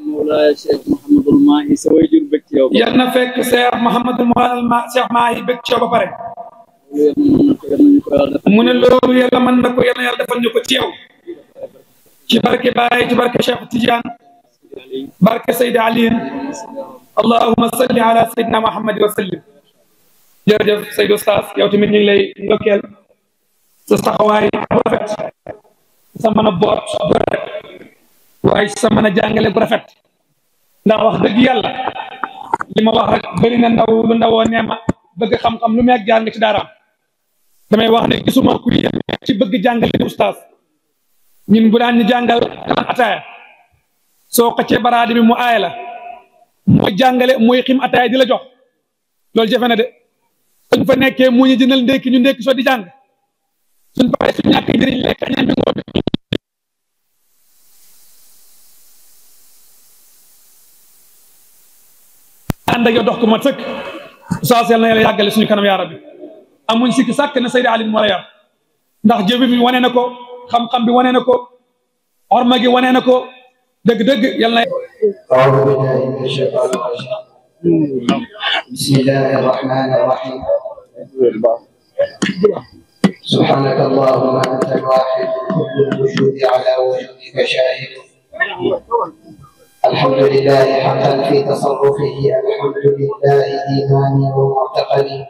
مولاي شيخ محمد الماهي سويجر بكتي او ببره يلنا فيك شيخ محمد الماهي ماهي بكتي او ببره من اللو يلا من نكو يلا يلا دفن نكو تيو جبرك باي جبرك شيخ تيجان بارك سيد علي اللهم صل على سيدنا محمد وسلم jërëjëf Seydou Sass yow tamit ñu ngi lay ndokkeel sa taxawaay bu rafet sa mën a boot bu rafet waaye sa mën a jàngale bu rafet ndax wax dëgg yàlla li ma wax rek bëri na ndaw lu ndawoo neema bëgg xam-xam lu meeg jàng ci daaraam damay wax ne gisuma ku yem ci bëgg jàngale ustaas ñun bu daan ñu jàngal daan ataaya soo xëccee baraade bi mu aay la mooy jàngale mooy xiim ataaya di la jox loolu jafe na de suñ fa nekkee mu ñu jëndal ndékki ñu ndékki soo di jàng suñ paree suñ ñàkk dox ko mat sëkk saa seel na yàlla yàggale suñu kanam yaa rabbi amuñ sikki sàkk na Seydi Ali war a yar ndax jëfi bi wane na ko xam-xam bi wane na ko orma gi na ko دق degg yal أعوذ بالله من الشيطان الرجيم بسم الله الرحمن الرحيم سبحانك اللهم أنت الواحد كل الوجود على وجودك شاهد الحمد لله حقا في تصرفه الحمد لله إيماني ومعتقدي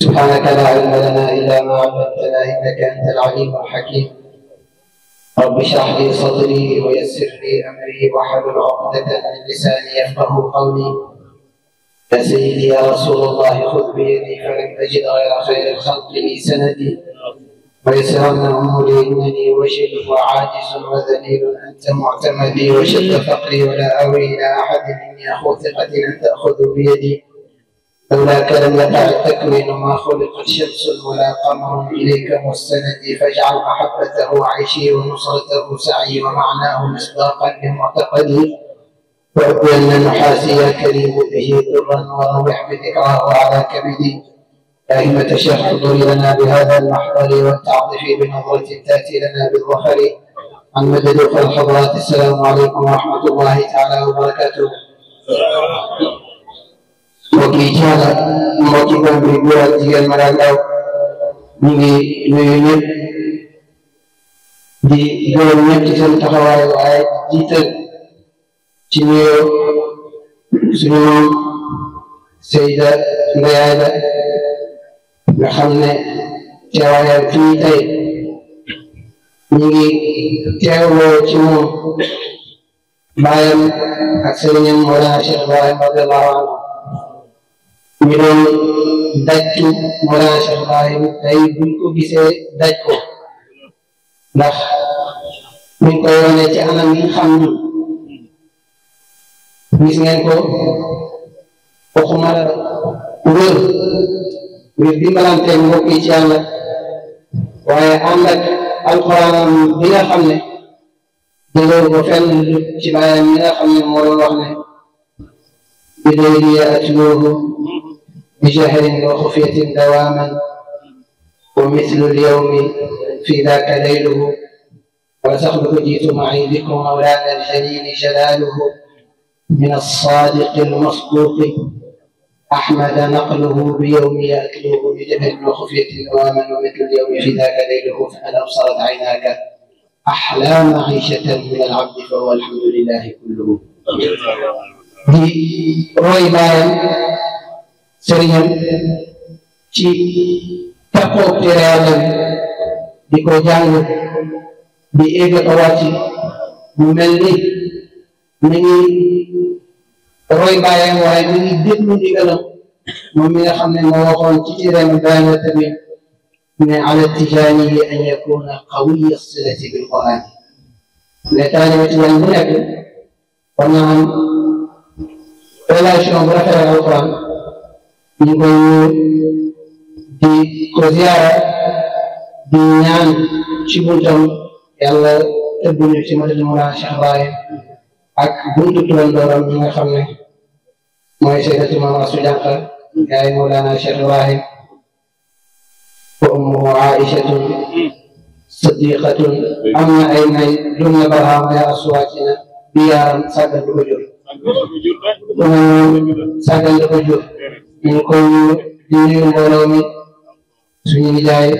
سبحانك لا علم لنا إلا ما علمتنا إنك أنت العليم الحكيم رب اشرح لي صدري ويسر لي امري واحلل عقدة من لساني يفقه قولي يا سيدي يا رسول الله خذ بيدي فلم اجد غير خير الخلق لي سندي ويسرنا اموري انني وجل وعاجز وذليل انت معتمدي وشد فقري ولا اوي الى احد اني اخو ثقة ان تاخذ بيدي لم يقع تكوين ما خلق شمس ولا قمر إليك مستندي فاجعل محبته عيشي ونصرته سعي ومعناه مصداقا لمعتقدي ان نحاسي كريم به ضرا وروح بذكراه على كبدي فإن تشهد لنا بهذا المحضر والتعطف بنظرة تأتي لنا بالظفر عن مدد الحضرات السلام عليكم ورحمة الله تعالى وبركاته. mbokk yi caada mbokk yi góor yi góor ak jigéen mag ak ndaw ngi di gërëm ñëpp ci seen taxawaay waaye jiital ci nuyoo suñu Seyda Ndeye Aida xam ne teewaayam fii tey ñu ngi teewloo ci moom baayam ak sëriñam Mawlana Cheikh Ibrahim radiyallahu anhu ñu doon dàccu Mawlana Cheikh Ibrahim tey buñ ko gisee daj ko ndax ñu ci anam yi xam ñu gis ngeen ko waxuma la wër ngir dimbalante mbokk yi ci yàlla waaye ànd ak bi nga xam ne jëloo ko fenn ci bàyyam mi nga xam ne moo doon wax ne bi day بجهل وخفية دواما ومثل اليوم في ذاك ليله وتخلف جئت معي بكم مولانا الجليل جلاله من الصادق المصدوق أحمد نقله بيومي أتلوه بجهل وخفية دواما ومثل اليوم في ذاك ليله فأنا أبصرت عيناك أحلام عيشة من العبد فهو الحمد لله كله سريان شي تقو تيرال دي كو جانغ دي ايغا تواتي مو ملني ني روي باي واي ني ديغلو دي غلا مو مي خامني مو واخون شي تيرال باي تبي من على اتجاهه ان يكون قوي الصله بالقران لكان مثل المنبه ومن فلا شيء مرتبه القران ñu ngi koy di ko ziyaara di ñaan ci buntam yàlla tëbb ñu ci madina Mawlana Cheikh Ibrahim ak buntu turandooram ñi nga xam ne mooy Sayyidatu Maam Astu Jaxta yaay Mawlana Cheikh Ibrahim wa ummuhu Aïchatun siddiqatun am na ay nay dum na barhaam ya aswaatina bi yaaram sàggal di ko jur sàggal di ko jur ñu ko di nuyu mbooloo mi suñu nijaay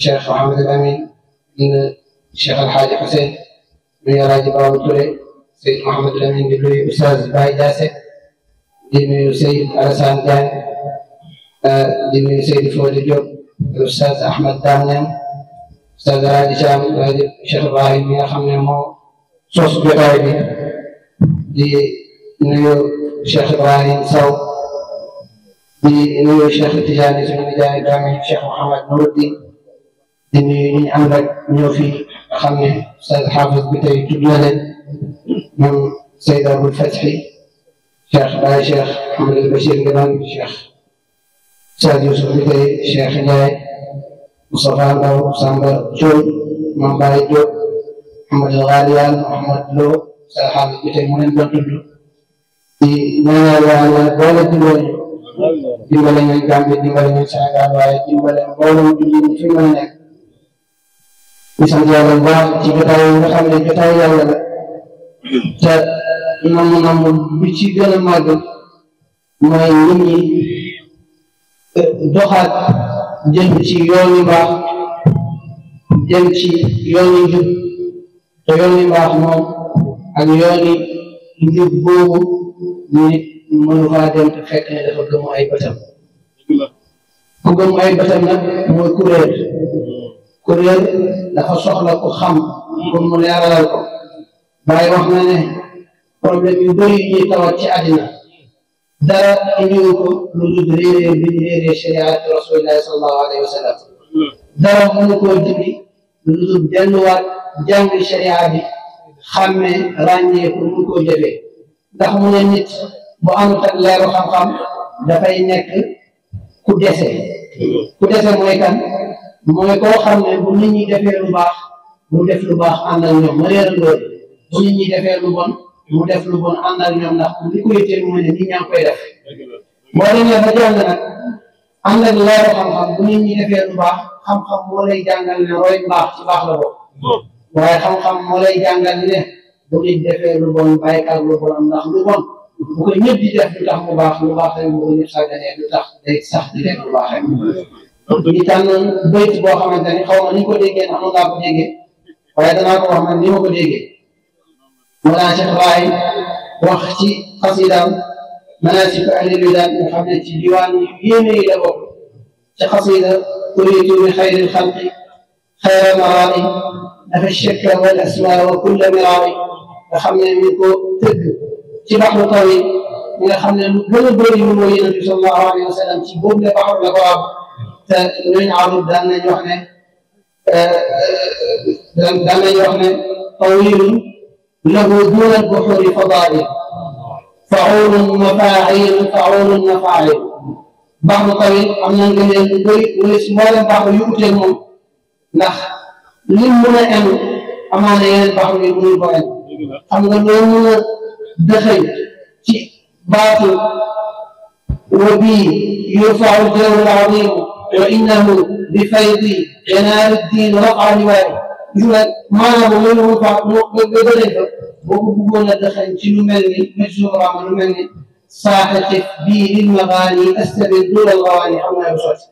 Cheikh Mouhamed El Amin di nga Cheikh El Hadj Hussein di nuyu El Hadj Baba Touré Seyd Mouhamed El Amin di nuyu Oustaz Baye Diassé di nuyu Seyd Alassane Diagne di nuyu Seyd Fodé Diop Oustaz Ahmed Dame Niang Oustaz El Hadj Thiam rajo Cheikh Ibrahim mi nga xam ne moo sos jotaay bi di nuyu Cheikh Ibrahim Sow. لنور الشيخ التجاني سن البداية جامع الشيخ محمد نور الدين di nuyu ñi ànd ak ñoo fi xam ne Ustaz Hafiz bi tey tudd na leen ñoom Seyd Abul Fathi Cheikh Baye Cheikh Ahmed El Bachir Ngelan Cheikh Ustaz Youssouf bi tey Cheikh Ndiaye Moustapha Ndaw Samba Diop Mame Baye Diop Mohamed El Ghalial Mohamed Lo Ustaz Hafiz bi tey mu leen doon tudd di ñaanal yàlla boole ci loolu dimbale ñu Gambie dimbale ñu Sénégal waaye dimbale mbooloo jullit ñi fi mën a nekk ñu sant yàlla bu baax ci jotaay yi nga xam ne jotaay yàlla la te namm namm bi ci gën a màgg mooy nit ñi eh, doxaat jëm ci yoon yu baax jëm ci yoon yu jub te yoon yu baax moom ak yoon yu jub boobu nit mënu faa dem te fekk ne dafa gëmu ay bëtam ku gëmu ay bëtam nag mooy kuréel kuréel dafa soxla ko xam pour mu leeralal ko bàyyi wax na ne problème yu bëri yu ñuy tawat ci àddina dara indiwu ko lu dul réeréer bi ñu réeree shariat rasulillahi sallallahu alayhi wa sallam dara mënu koo dibi lu dul delluwaat jàngi sharia bi xàmmee ràññee pour mun koo jëfee ndax mu ne nit bu amut ak leeru xam-xam dafay nekk ku dese ku dese mooy kan mooy koo xam ne bu nit ñi defee lu baax mu def lu baax ànd ak ñoom ma réeral loolu bu nit ñi defee lu bon mu def lu bon ànd ak ñoom ndax li ko yitteel mooy ne nit ñaa koy def boo demee ba jàng nag ànd ak leeru xam-xam bu nit ñi defee lu baax xam-xam moo lay jàngal ne roy ci baax la waaye xam-xam moo lay jàngal ne bu nit defee lu bon lu bon ndax lu bon bu ko ñëpp di def lu tax mu baax lu baax rek bu ko ñëpp sàgganee lu tax day sax di leen lu baax rek ñu tànnoon bayt boo xamante ni xaw ma ni ñu ko déggee ndax noonu laa ko déggee waaye danaa ko wax man ni ma ko déggee maanaam Cheikh Baye wax ci xasidaam manasik ahli bidan nga xam ne ci diwaan yu yéeme yi la bokk ci xasida uriidu bi xayril xalqi xayra maraari dafa shakka wal asmaa wa kulla miraari nga xam ne mi ko tëgg ci baxru tawi mi nga xam ne lu gën a bëri lu mooy yonent bi sallallahu alayhi wa sallam ci boobu la baxru la ko am te ñooñ arab daan nañ wax ne daan nañ wax ne tawilun lahu duna albuxuri fadail faulun mafail faulun mafail baxru tawi am na nga leen lu bëri mu ne si mboolem baxru yu utee moom ndax lim mun a enu amaana yeneen baxru yi mënuñ ko en xam nga loolu mun a دخل باطل وبي يرفع الجو العظيم وانه بفيض ينال الدين رفع لواء يقول ما مرض من رفع بدنه وبقول دخل شنو مني مجزورة من مني صاحت بي المغاني استبد دون الغواني حمنا يوسف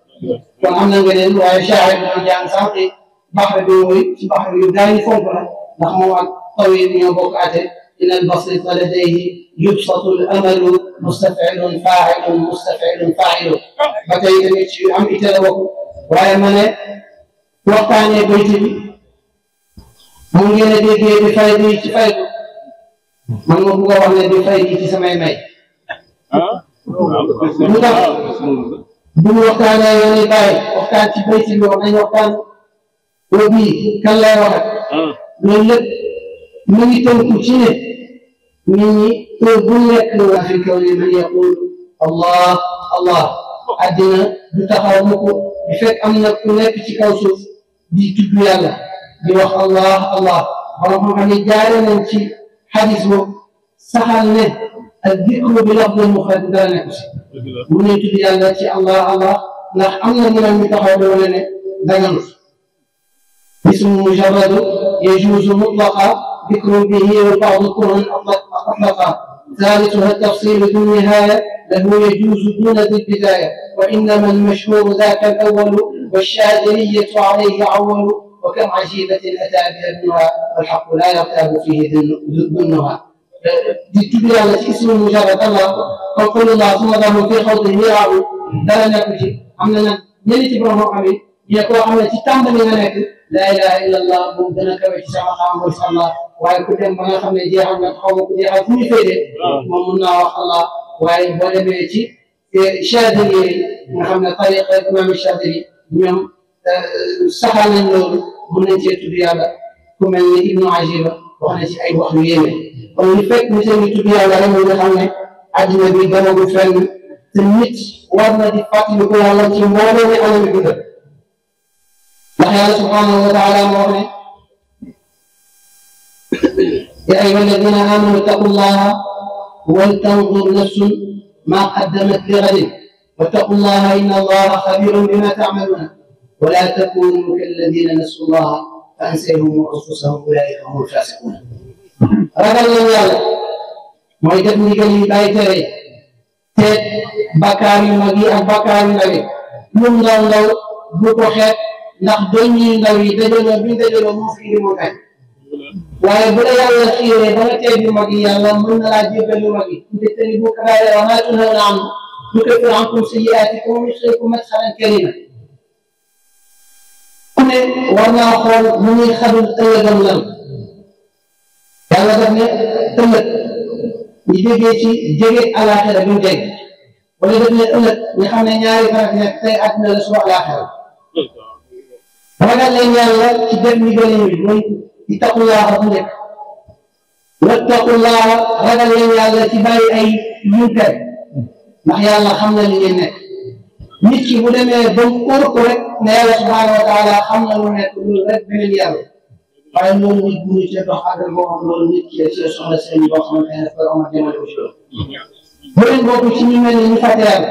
وحمنا قليل وشاعر من جان ساقي بحر دوري في بحر يداني فوق نحن طويل من بقعته إن البسيط لديه يبسط الأمل مستفعل فاعل مستفعل فاعل بتاي dañu ci am itteel a wax waaye ma ne waxtaanee bayti bi mu ngeen a déggee di fay bi ci fay man ma bugg a wax ne di fay bi ci samay may lu tax du waxtaanee yooni bàyyi waxtaan ci bayti bi wax nañ waxtaan boobu kan lay wax loolu lépp mu ngi tënku ci ne من كل في الكون من يقول الله الله àddina du taxaw mu ko bu fekk am na ku nekk ci kaw suuf di tudd yàlla di wax allah allah borom xam-xam ne jaare nañ ci xadis boobu saxal ne ak dikru bi laf lañ mu xet dara nekk si mu ne tudd allah allah ndax am na ñeneen ñu taxaw mujarradu yajuuzu mutlaqa dikru bihi kuran atlaq محققة ثالثها التفصيل ذو النهاية له يجوز دون ذي البداية وإنما المشهور ذاك الأول والشاذلية عليه عول وكم عجيبة أتى بها ابنها والحق لا يرتاب فيه ذنها بالكبرى التي اسم مجرد الله وقول الله ثم ظهر في خوضه يرعب لا نكتب عملنا من تبرهم عمل ne koo xam ne ci tàmbali nga nekk la ilaha illallah moom dana kawe ci sama xam insha allah waaye ku dem ba nga xam ne jeexal na xaw ma ku jeexal fu ñu féetee moom mun naa wax allah waaye boo demee ci chadili yi nga xam ne tariqa imaam chadili ñoom saxal nañ loolu mën nañ cee tudd yàlla ku mel ni ibnu ajiba wax na ci ay wax yu yéeme kon li fekk nit a ngi tudd yàlla rek nga xam ne àddina bi damagu fenn te nit war na di fàttali ko yàlla ci mbooloo ne anam bi وحيانا سبحانه وتعالى مؤمن يا أيها الذين آمنوا اتقوا الله ولتنظر نفس ما قدمت لغد واتقوا الله إن الله خبير بما تعملون ولا تكونوا كالذين نسوا الله فأنسيهم وأنفسهم أولئك هم الفاسقون رب الله مويدة لكلي بايتري تيت بكاري مبيع بكاري مبيع يوم دون دون بكو خير ndax doñ yi ndaw yi dajaloo bi ñu dajaloo moo fi indi mu tey waaye bu la yàlla xiiree ba nga tey bi mag yi yàlla mën na laa jébal lu mag yi nte tani bu kabaare wa maa tunhawna anhu nukaffir ankum sayyi'aatikum wa nudkhilkum madkhalan karima ku ne war naa xool mu ñuy xamul ëllëgam lan yàlla daf ne ëllëg ñu jógee ci jege alaxira duñ dégg wala daf ne ëllëg ñu xam ne ñaari farak nekk tey àddina la suba alaxira ragal leen yàlla ci benn ndigal yi mooy ittaqullaaha bu nekk wattaqullaaha ragal leen yàlla ci bàyyi ay yunkar ndax yàlla xam na li ngeen nekk nit ki bu demee ba mu óor ko rek ne yàlla subhaanahu wa taala xam na lu nekk loolu rek beneen yàlla waaye loolu nit bu ñu cee dox àggal boo xam loolu nit ki da cee soxla seen boo xamante ne dafa amat jëmale ko ci loolu. bu leen bokk ci ñu mel ne ñu fàtte yàlla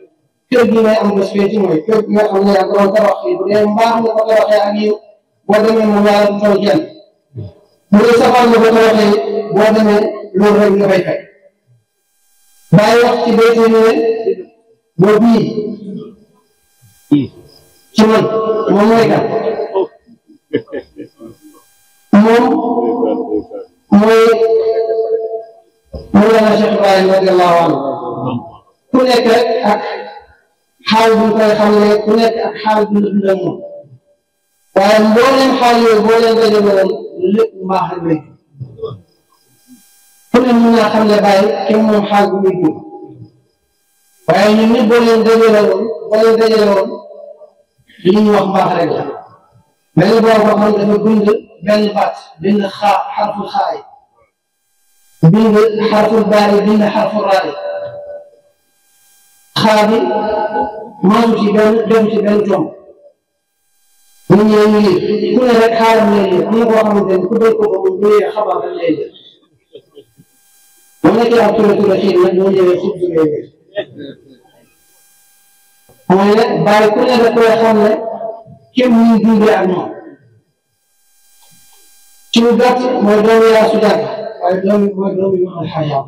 kër gi day am bés fee ci mooy kër gi nga xam ne yaa ngi doon tabax fii bu dee mbaax nga ko tabaxee ak yiw boo demee mu yaay du toll kenn bu dee safaan nga ko tabaxee boo demee loolu rek nga fay fay bàyyi wax ci béykat yi ne boo bii ci man moom mooy kan moom mooy mooy Cheikh Ibrahima radiyallahu anhu ku nekk rek ak xaalis bi ñu koy xamee ku nekk ak xaalis bi ñu dundal moom waaye mbooleem xaalis yooyu boo leen dajale woon lépp mbaax rek lay ku ne mën naa xam ne bàyyi kenn moom xaalis bi muy jóg waaye ñun nit boo leen dajale woon boo leen dajale woon li ñuy wax mbaax rek la mel ni boo ko xam dafa bind benn baat bind xaa xarful xaay bind xarful baari bind xarful raari xale bi maam ci benn dem ci benn tomb ñu ñëw ñu lii ku ne rek xaaral ñu lii am na koo xamante ne ku doy ko moom bu ñëwee xabaar rek lay def bu nekkee ak tura tura xiin nag boo ñëwee xub jugee bi mooy nag bàyyi ku ne rek koy xam ne kéem ñuy dundee ak moom ci lu gàtt mooy doomu yaa su jàkk waaye doomu mooy doomu yu xayaa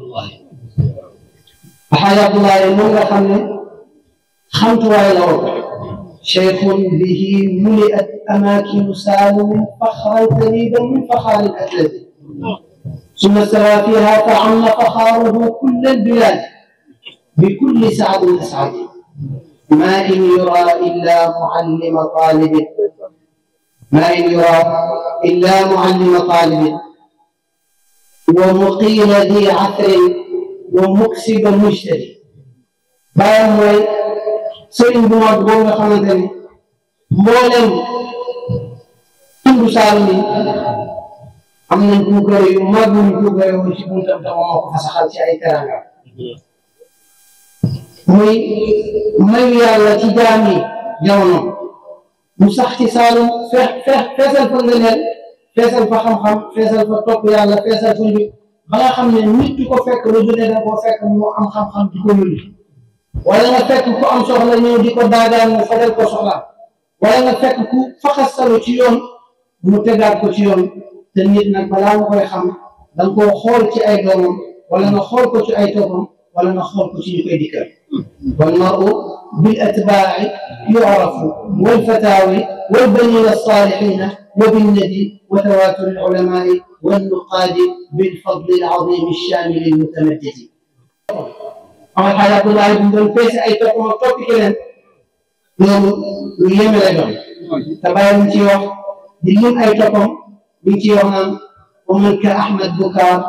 وحياة الله يمر خمنا خمت وإلى ربع شيخ به ملئت أماكن سالم فخرا ثريبا من فخار الأجداد ثم سرى فيها فعم فخاره كل البلاد بكل سعد أسعد ما إن يرى إلا معلم طالب ما إن يرى إلا معلم طالب ومقيل ذي عثر ومكسب المشتري بايام موي سيرين بو ماك بوغا خامتاني مولم تندو سالمي امنا كوكاري وما دون كوكاري وشي بوتام تاو ماكو فسخال سي اي كرانغا موي مي على تي جامي جاونو مسختي سالم فه فه فندل فسال فخم خم فسال فطوك يالا فسال فندل ba nga xam ne nit ki ko fekk rejone da koo fekk mu am xam-xam di ko yónni wala nga fekk ku am soxla ñëw di ko daagaan mu fajal ko soxla wala nga fekk ku faxasalu ci yoon mu tegaat ko ci yoon te nit nag balaa nga koy xam da nga koo xool ci ay doomam wala nga xool ko ci ay toppam wala nga xool ko ci ñu koy dikkal والمرء بالأتباع يعرف والفتاوي والبنين الصالحين وبالندي وتواتر العلماء والنقاد بالفضل العظيم الشامل المتمدد. أما حالة الله بن دونفيس أي تقوم القوت كذا من اليمن الأجر. تبارك من تيوح بالليل أي تقوم من تيوح ومنك أحمد بكار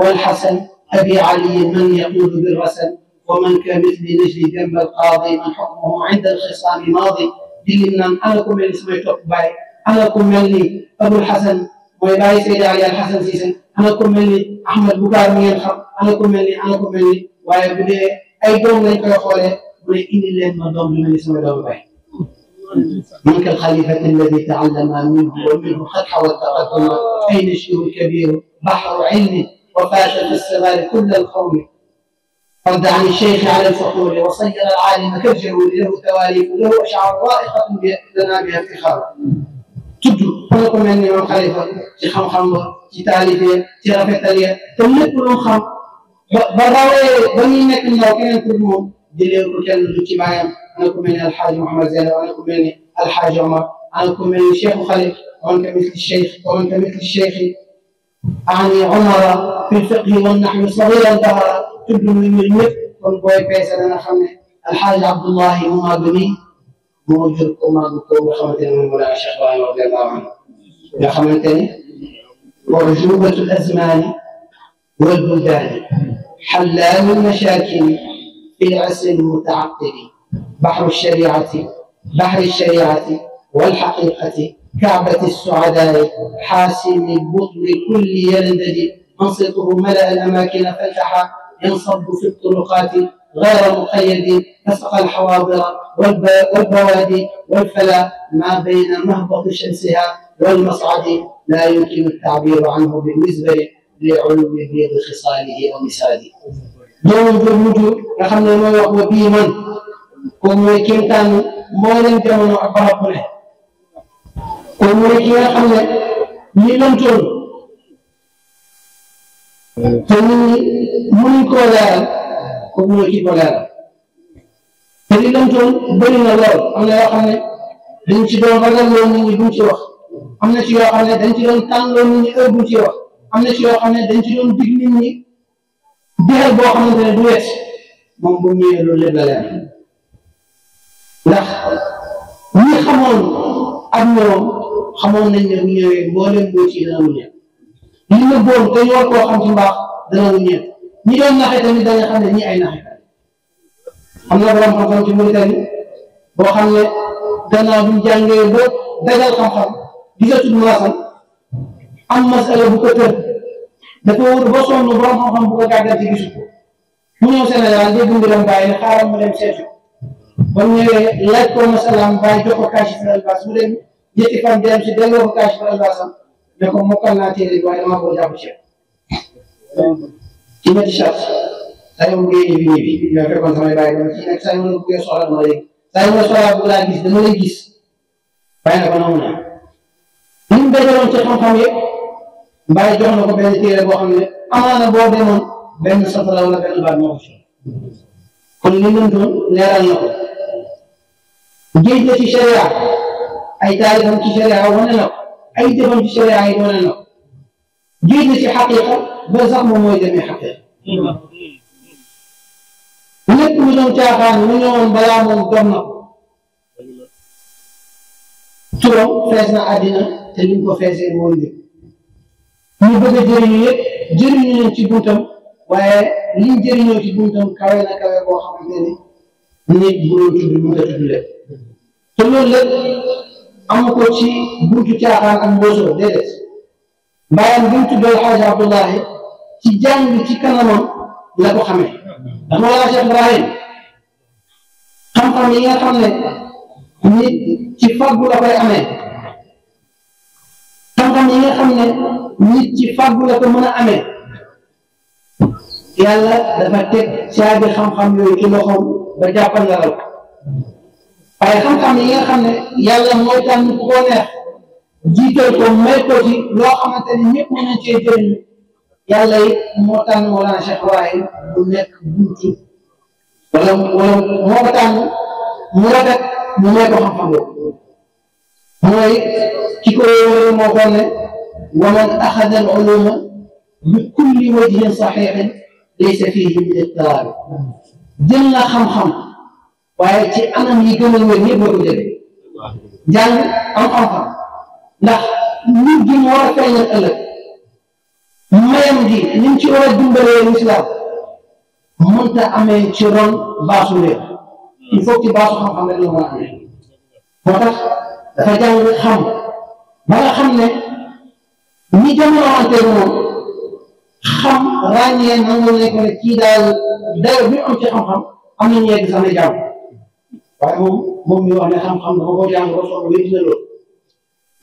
والحسن أبي علي من يقود بالرسل ومنك مثل نجل جنب القاضي من حكمه عند الخصام ماضي. دي لنا أنا كمان سمعت أخبارك أنا انكم ملي ابو الحسن موي باي سيدي علي الحسن سيسن انكم ملي احمد بوكار مي الخم انكم ملي انكم ملي واي بودي اي دوم لاي كاي خولي بودي اني لين ما دوم دي ملي سوي دوم باي ذلك الخليفة الذي تعلم منه ومنه فتح والتقدم أين شيء الكبير بحر علم وفاش في السماء كل القوم رد عن الشيخ على الفخور وصير العالم كرجه له تواليف له اشعار رائقه لنا بها افتخار tudd xool ko mel ni moom xalifa ci xam-xam ba ci taalifee ci rafetal ya te lépp loo xam ba ba rawee ba ñuy nekk ndaw keneen pour moom jëlee ko kenn du ci baayam ana ku mel ni alxaaji Mouhamad Zeyna ana ku mel ni alxaaji Omar ana ku mel ni cheikhu xalif ومن كمثل الشيخ ومن كمثل الشيخ أعني عمر في الفقه والنحو صغيرا ظهر تبدو من المثل كن بوي بيس أنا خمه الحاج عبد الله هما بني moo comment bu ko xamante ne moom Mawlana Cheikh Ibrahim radiyallahu anhu وعجوبة الأزمان والبلدان حلال المشاكل في العصر المتعقل بحر الشريعة بحر الشريعة والحقيقة كعبة السعداء حاسم البطن كل يندد أنصته ملأ الأماكن فتح ينصب في الطرقات غير مقيد نسق الحواضر والبوادي والفلا ما بين مهبط شمسها والمصعد لا يمكن التعبير عنه بالنسبه لعلو بيض خصاله ومساله. دون برمجو يخلنا نوع وبيما كم كان ما لم تكن عبارة عنه. كم يكن يخلنا ميلم تون. تنين أه. ملك ولا kooku mooy kii ko leeral te li lëntoon bëri na lool am na yoo xam ne dañ ci doon ragal lool nit ñi buñ ci wax am na ci yoo xam ne dañ ci doon tànn lool nit ñi heure buñ ci wax am na ci yoo xam ne dañ ci doon dig nit ñi digal boo xamante ne du wet moom bu ñëwee loolu lépp la leer ndax ñi xamoon ak ñoom xamoon nañ ne bu ñëwee mbooleem boo ci dana wuññeeku li nga boon te yor koo xam ci mbaax dana wuññeeku ñi doon naxee tamit dañu xam ne ñi ay naxekat am na borom xam-xam ci Mauritanie boo xam ne gannaaw bi ñu jàngee ba dajal xam-xam gisatul waasam am masala bu ko tër dafa wër ba sonn borom xam-xam bu ko gàggal ci gisu ko mu ñëw Sénégal dégg mbiram bàyyi ne xaaral ma dem seetu ba mu ñëwee laaj ko masalaam bàyyi jox ko kaasi faral baas dem ñetti fan dem si delloo ko kaasi faral baasam ne ko mokkal naa téere bi waaye damaa ko jàpp ceeb ci ñetti charge saa yoo bëggee ñëw ñëw bi ñoo fekkoon samay bàyyi dama ci nekk saa yoo ma bëggee soxla dama lay saa yoo ma soxlaa bëgg laa gis dama lay gis bàyyi na ko nangu li mu dajaloon ci xam-xam yëpp mbaay jox na ko benn téere boo xam ne amaana boo demoon benn satala wala benn baat moo ko ci kon li mu doon leeral na ko géej la ci sharia ay taalibam ci sharia wane na ko ay jëfam ci sharia yi wane na ko jiit na ci xaqiqa ba sax moom mooy demee xaqiqa lépp lu doon caaxaan lu ñëwoon balaa moom doon na ko turam fees na àddina te liñ ko feesee mooy lépp ñu bëgg a jëriñu yëpp jëriñu nañ ci buntam waaye liñ jëriñoo ci buntam kawe na kawe boo xamante ne nit bu doon tudd mën nga tudd lépp te loolu lépp amu ko ci buntu caaxaan ak mbosoo déedéet bàyyam bi mu tuddee xaaji Abdullahi ci jàng ci kanamam la ko xamee ndax Mawlana Cheikh Ibrahim xam-xam yi nga xam ne nit ci faggu la koy amee xam-xam yi nga xam la ko xam yooyu ci loxoom ba jàppal la waaye xam-xam yi nga xam ne yàlla mooy tànn ko neex jiital ko may ko ci loo xamante ne ñëpp mën nañ cee jëriñu yàlla it moo tànn Mawlana Cheikh Ibrahim bu nekk buntu wala wala moo ko tànn mu rafet mu may ko xam-xam boobu mooy ki ko wéyoon moo ko ne wa man axada al uluma bi kulli wajhin saxiixin laysa fiihi min ittiraab jël na xam-xam waaye ci anam yi gën a wér ñëpp la ko jëlee jàng am xam-xam ndax nit gi mu war a feeñal ëllëg mayam gi ni ci war a dimbalee lislaam mënta amee ci ron baasu réer il faut ci baasu xam-xam rek la mën a amee moo tax dafa jàng xam ba nga xam ne ñi jamono wante moom xam ràññee nangu nekk ne kii daal dayo bi am ci xam-xam am nañu yegg sax ne jàng waaye moom moom mi wax ne xam-xam dafa ko jàng ba soxla wéy dina loolu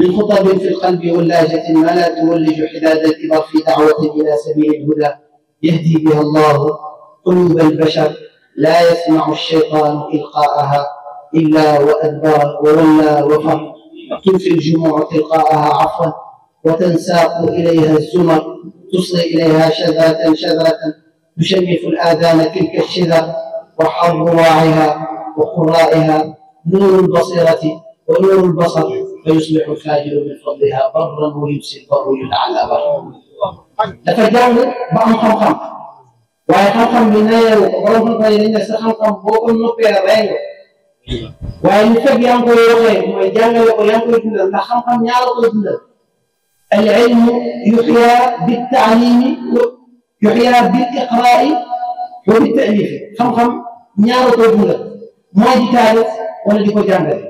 من خطب في القلب ولاجة ما لا تولج حداد الإبر في دعوة إلى سبيل الهدى يهدي بها الله قلوب البشر لا يسمع الشيطان إلقاءها إلا وأدبر وولى وفر تنفي الجموع تلقاءها عفوا وتنساق إليها الزمر تصغي إليها شذرة شذرة تشمف الآذان تلك الشذر وحر راعها وقرائها نور البصيرة ونور البصر فيصبح الفاجر من فضلها برا ويمسي البر يدعى على بر. تفجعوا بعض خلقهم. ويخلقهم من نيل وقوم غير ان سخلقهم فوق النقل غيره. وان يكب ينقل يغير ويجعل ينقل جنر فخلقهم يعرض جنر. العلم يحيى بالتعليم يحيى بالاقراء وبالتاليف. خلقهم يعرض جنر. ما يجي ثالث ولا يجي جنر.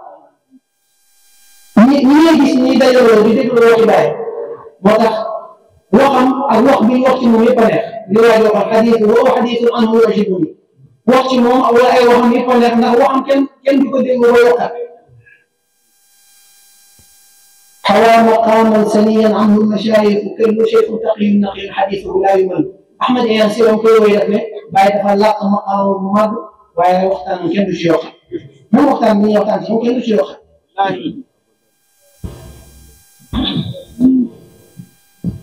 nit ñi ngay gis ñuy dajaloo di déglu waxi baay moo tax waxam ak wax bi wax ci moom yëpp a neex li waaj waxoon xadiisu woo xadiisu an mu wax ci moom wax ci moom wala ay waxam yëpp a neex ndax waxam kenn kenn du ko déglu ba yokkaat حوى مقاما سنيا عنه المشايخ كل شيخ تقي نقي حديثه لا يمل احمد ايان سيرم كل ويلك بعد فلاق مقام ممر وقتا كان شيوخ مو وقتا من وقتا كان شيوخ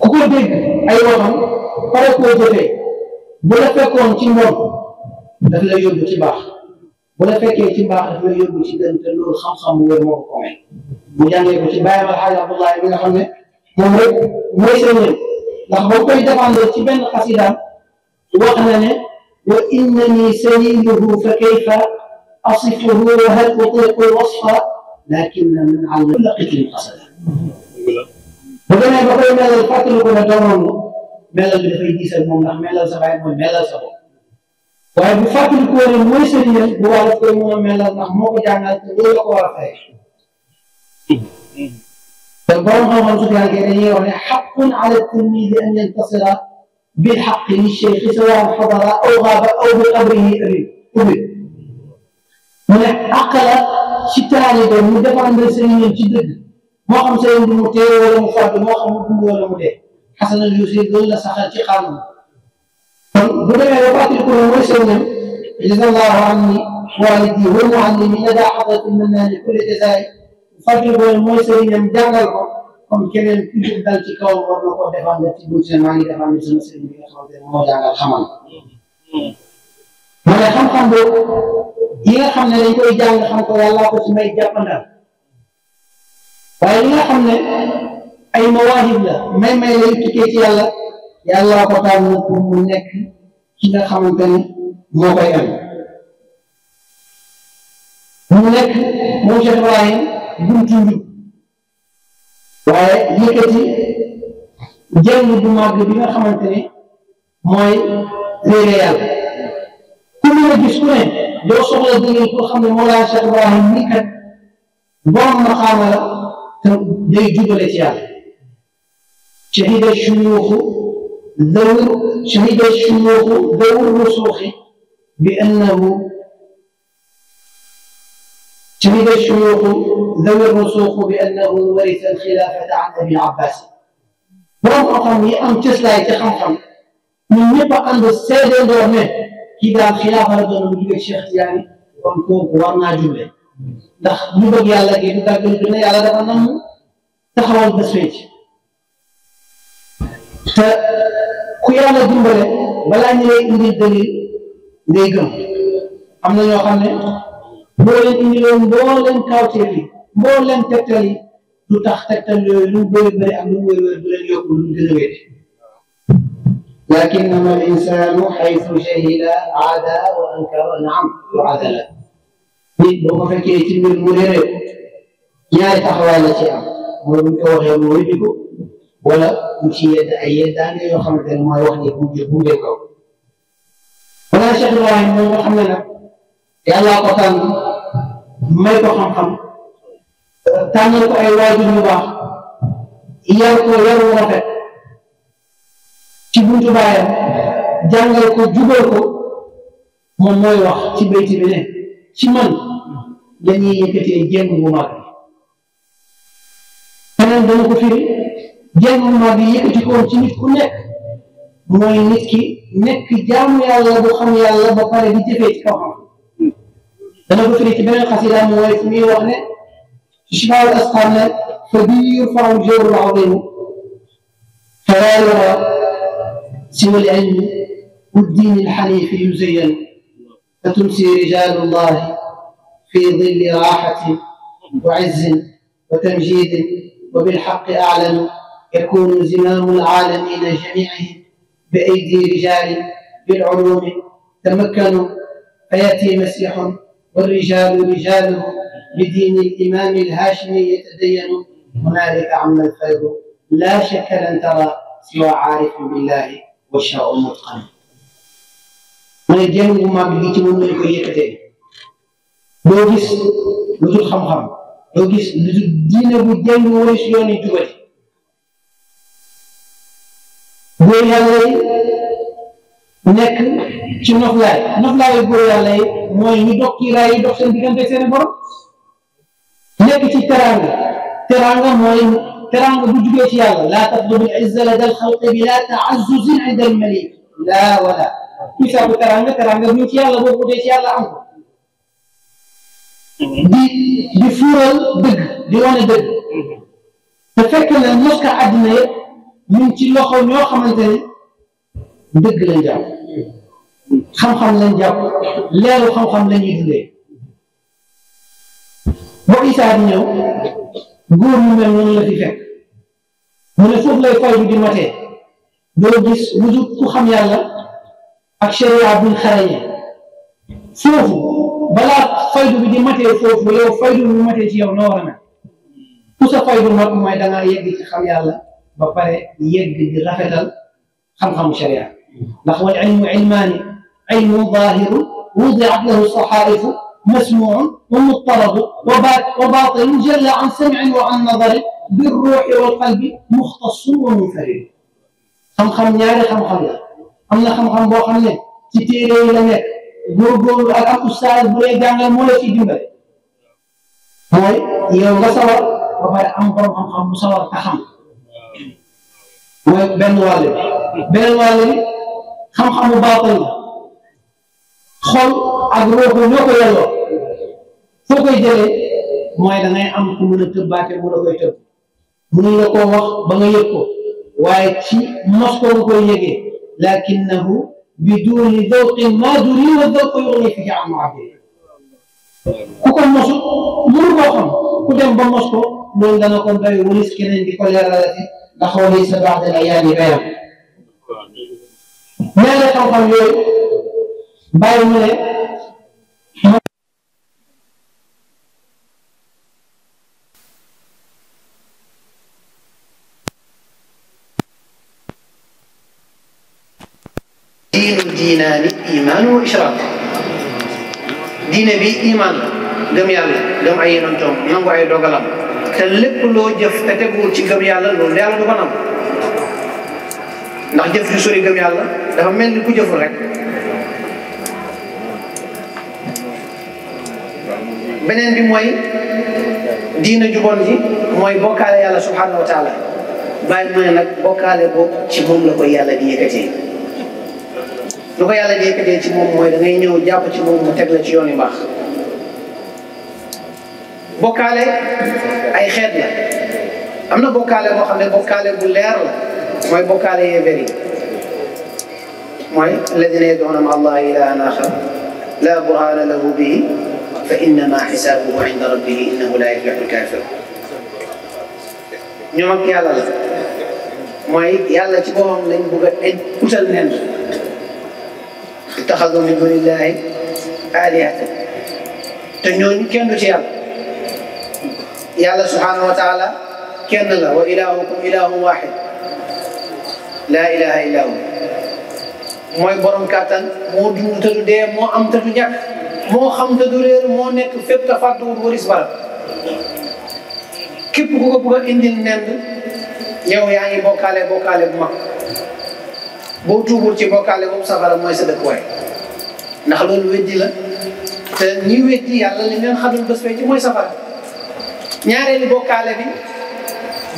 ku ko dégg ay waxam pare koo jëfee bu la fekkoon ci moom daf la yóbbu ci baax bu la fekkee ci mbaax daf la yóbbu ci gën te loolu xam-xam bu wér moo ko xamee mu jàngee ko ci bàyyam alxaaj abdullah bi nga xam ne moom rek mooy sëñeen ndax ba koy défendre ci benn xasidaam wax na ne wa innani saliluhu fa kayfa asifuhu wa hal utiqu wasfa lakin man ala kulli qitrin qasada bukannya bapak melal fatul kuna doron melal dafay gisal mom ndax melal sa bay moy melal sa bop waye bu fatul ko ni moy serigne bu wala ko mo melal ndax moko jangal te lo la ko wara fay te borom xam-xam su yaa ngi dañuy wax ne xaqun ala tilmid an yantasira bil xaqi li cheikh sawaa xadara aw xaaba aw bi qabrihi abi ubi mu ne aqala ci taalibe mu defandal serigne ci dëgg moo xam sëriñ bi mu téye wala mu fàtte moo xam mu dund wala mu dee xasana juusi loolu la saxal ci xàll kon bu demee ba fàttali ko mooy sëriñam jazallahu anni walidi wa muallimi ladaa xadrati mannaan kulli jazaay fàttali ko mooy sëriñam jàngal ko comme keneen ku jub dal ci kawam war na koo defaan ci buñ seen maa ngi defaan ni sama sëriñ bi nga xamante ne moo jàngal xamal ma ne xam-xam boobu yi nga xam ne dañ koy jàng xam ko yàlla ko ci may jàppandal waaye li nga xam ne ay mawaahib la may may lay tukkee ci yàlla yàlla ko tànn pour mu nekk ki nga xamante ne moo koy am mu nekk moom Cheikh Ibrahim buntu njub waaye yëkkati jënd bu màgg bi nga xamante ne mooy réere yàlla ku mën a gis ku ne doo soxla dëgg pour xam ne moo laa Cheikh Ibrahim ni kat borom maqaama la لا جبلة يا شهد الشيوخ ذو شهد الشيوخ ذو الرسوخ بأنه شهد الشيوخ ذوي الرسوخ بأنه ورث الخلافة عن أبي عباس برم أقام يأم تسلا يتخنخم من يبقى عند السيد الدورمين كذا الخلافة لدينا مجيب الشيخ يعني ونكون قوانا جمله ndax mu bëgg yàlla gi du tàggal dina yàlla dafa nam taxawal ba sëy te ku yàlla dimbale balaa ñu lay indi dalil ngay gëm am na ñoo xam ne boo leen indi loon boo leen kawteel yi boo leen tegtal yi du tax tegtal yooyu lu mu bëri bëri ak lu mu wér wér du leen yokku lu mu gën a wér لكنما الإنسان حيث جهل عدا وأنكر نعم وعدل nit boo ko fekkee ci mbir mu réeré ñaari taxawaay la ci am mooy bu ñu ko mu wéddi ko wala mu ci yedd ay yeddaane yoo xamante ne mooy wax ne bu bu ngeen ko wala Cheikh Ibrahim mooy nga ne nag yàllaa ko tànn may ko xam-xam tànnal ko ay waajur yu yar ko yaru rafet ci buntu baayam jàngal ko jubal ko moom mooy wax ci bayti bi ne ci man dañuy yëkkatee jenn bu mag bi keneen dama ko firi jenn bu mag bi yëkkati ko woon ci nit ku nekk mooy nit ki nekk jaamu yàlla bu xam yàlla ba pare di jëfee ci kaw xam dana ko firi ci beneen xasida mooy fu muy wax ne ci shifaawul asqam ne fa biir faw jawrul azim fala yura siwa al ilmi والدين الحنيف يزين فتمسي رجال الله في ظل راحة وعز وتمجيد وبالحق أعلم يكون زمام العالمين جميعهم بأيدي رجال بالعلوم تمكنوا فيأتي مسيح والرجال رجاله بدين الإمام الهاشمي يتدين هنالك عم الخير لا شك لن ترى سوى عارف بالله والشرع المتقن. من الجنة ما بيجي من الكوية doo gis lu dul xam-xam doo gis lu dul diine bu jëng wala si yoon yi jubati góor yàlla yi nekk ci noflaay noflaayu góor yàlla yi mooy ñu dox ci raay yi dox seen diggante seen borom nekk ci teraanga teraanga mooy teraanga bu jugee ci yàlla laa tatlubu l-izza lada l-xalqi bila ta'azzuzin inda l-malik laa wala kisaabu teraanga teraanga bu ci yàlla boo ko ci yàlla am ko دي فورال دق ديوان دق تفكر لان نوكا عندنا من تي لوخو ميو خمانتي دق لا جاب خم خم لا جاب ليل خم خم لا ني دوي مو ايسا نيو غور مو مل نون لا في فك مو فوف لاي فاي دي ماتي دو غيس وجود كو خم يالا اك شريعه بن خريه شوفوا بلا فايدو بدي متى فوف فايد فايدو من متى جي نورنا كوسا فايدو ما ما دانا يدي خم يالا بفر يدي رفتل خم خم شريعة نخو العلم علماني علم ظاهر وضعت له الصحائف مسموع ومضطرب وباطل جل عن سمع وعن نظر بالروح والقلب مختص ومنفرد خم خم يالا خم خم يالا خم خم بو خم لك تتيري لك góorgóorlu ak am ustaas bu lay jàngal moo la ci dimbale mooy yow nga sawar ba pare am borom xam-xam bu sawar te xam mooy benn wàll bi benn wàll bi xam-xamu baaxul la xol ak rooko ñoo ko yelloo foo koy jëlee mooy da ngay am ku mën a tëbbaate mu la koy tëb mënuñ la koo wax ba nga yëg ko waaye ci mos ko nga koy yëgee lakinnahu بدون ذوق نادر والذوق يغني فيه عن معدل ku ko mosul mënu koo xam ku dem ba mos ko loolu dana ko doy walis keneen di ko leeralati ndax walaysa ba'da al-ayaani bayaan ñaari xam-xam yooyu bàyyi mu ne diinul diinaani imaan wa ishraaq diine bi imaan la gëm yàlla gëm ay yonentam nangu ay dogalam te lépp loo jëf te teguwul ci gëm yàlla loolu yàlla du ko ndax jëf ju sori gëm yàlla dafa mel ni ku jëful rek beneen bi mooy diina ju bon ji mooy bokkaale yàlla subhaanahu wa taala bàyyi mu ne nag bokkaale boobu ci moom la yàlla di yëkkatee lu ko yàlla di yëkkatee ci moom mooy da ngay ñëw jàpp ci moom mu teg la ci yoon yu baax bokkaale ay xeet la am na bokkaale boo xam ne bokkaale bu leer la mooy bokkaale yéeféer yi mooy alladina yad'una ma allahi ilahan axar la burhana lahu bihi fa innama xisaabuhu inda rabbihi innahu la yuflihu lkafirun ñoom ak yàlla la mooy yàlla ci boppam lañ bëgg a utal nen اتخذوا من دون الله آلهة تنجون كن تشيال يا الله سبحانه وتعالى كن الله وإلهكم إله واحد لا إله إلا هو موي بروم كاتان مو دوتو دي مو ام تدو نياك مو خام تدو رير مو نيك فيب تا فاتو وريس بار كيب كوكو بوغا انديل نند نيو يا ني بوكالي بوكالي بماك boo tuubul ci bokkaale moom safara mooy sa dëkkuwaay ndax loolu weddi la te ñi weddi yàlla li leen xamul bés fee ci mooy safara ñaareelu bokkaale bi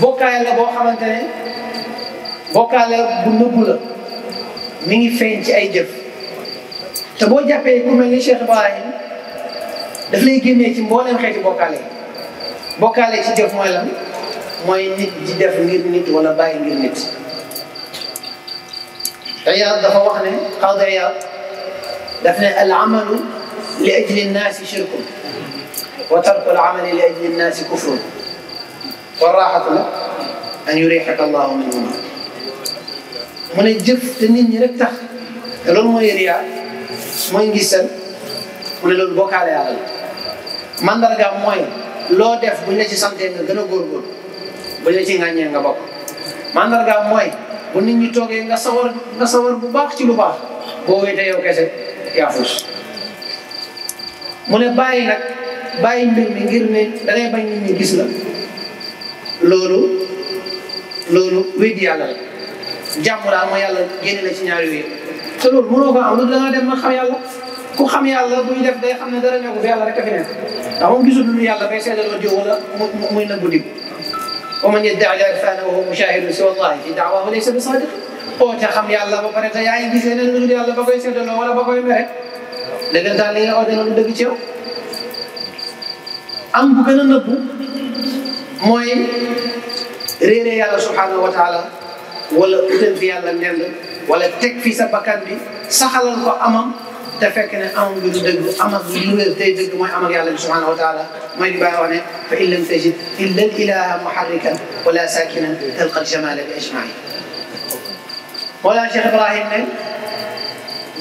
bokkaale la boo xamante ne bokkaale bu nëbbu la mi ngi feeñ ci ay jëf te boo jàppee ku mel ni Cheikh Ibrahim daf lay génnee ci mbooleem xeeti bokkaale yi bokkaale ci jëf mooy lan mooy nit di def ngir nit wala bàyyi ngir nit عياد دفوحنا قاضي عياد دفنا العمل لاجل الناس شرك وترك العمل لاجل الناس كفر والراحة لك ان يريحك الله منهما من الجف تنين يرتخ لون ما يريع ما ينجسل من لون بوك على عقل من درجة موين لو def buñ la ci santé nga gëna gor gor buñ la ci ngañé nga bok man dara ga moy bu nit ñi toogee nga sawar nga sawar bu baax ci lu baax boo wéetee yow kese yaa fuus mu ne bàyyi nag bàyyi mbir mi ngir ne dangay bañ nit ñi gis la loolu loolu weddi yàlla la jàmm daal mooy yàlla génne la ci ñaari wéer te loolu mënoo ko am lu danga dem ma xam yàlla ku xam yàlla buy def day xam ne dara nekku fi yàlla rek a fi nekk ndax moom gisul lu yàlla bay seedaloo diw wala muy nëbbu diw ومن يدعي العرفان وهو مشاهد سوى الله في دعواه ليس بصادق او تخم يا الله بقرة يا إنجي سنة نقول يا الله بقوي سيدنا ولا بقرة مرة لكن تالي أو دنا ندق تيو أم بكنا نبو موي ريري يا الله سبحانه وتعالى ولا أتن في الله نعم ولا تكفي سبكان بي سخل الله أمام te fekk ne amul lu dëgg amal lu wér tey dëgg mooy amal yàlla bi subhanahu wa taala mooy li Baay wax ne fa in lam tajid illa al ilaha muharrikan wala sakinan talqa al jamala bi ajmain wala Cheikh Ibrahim ne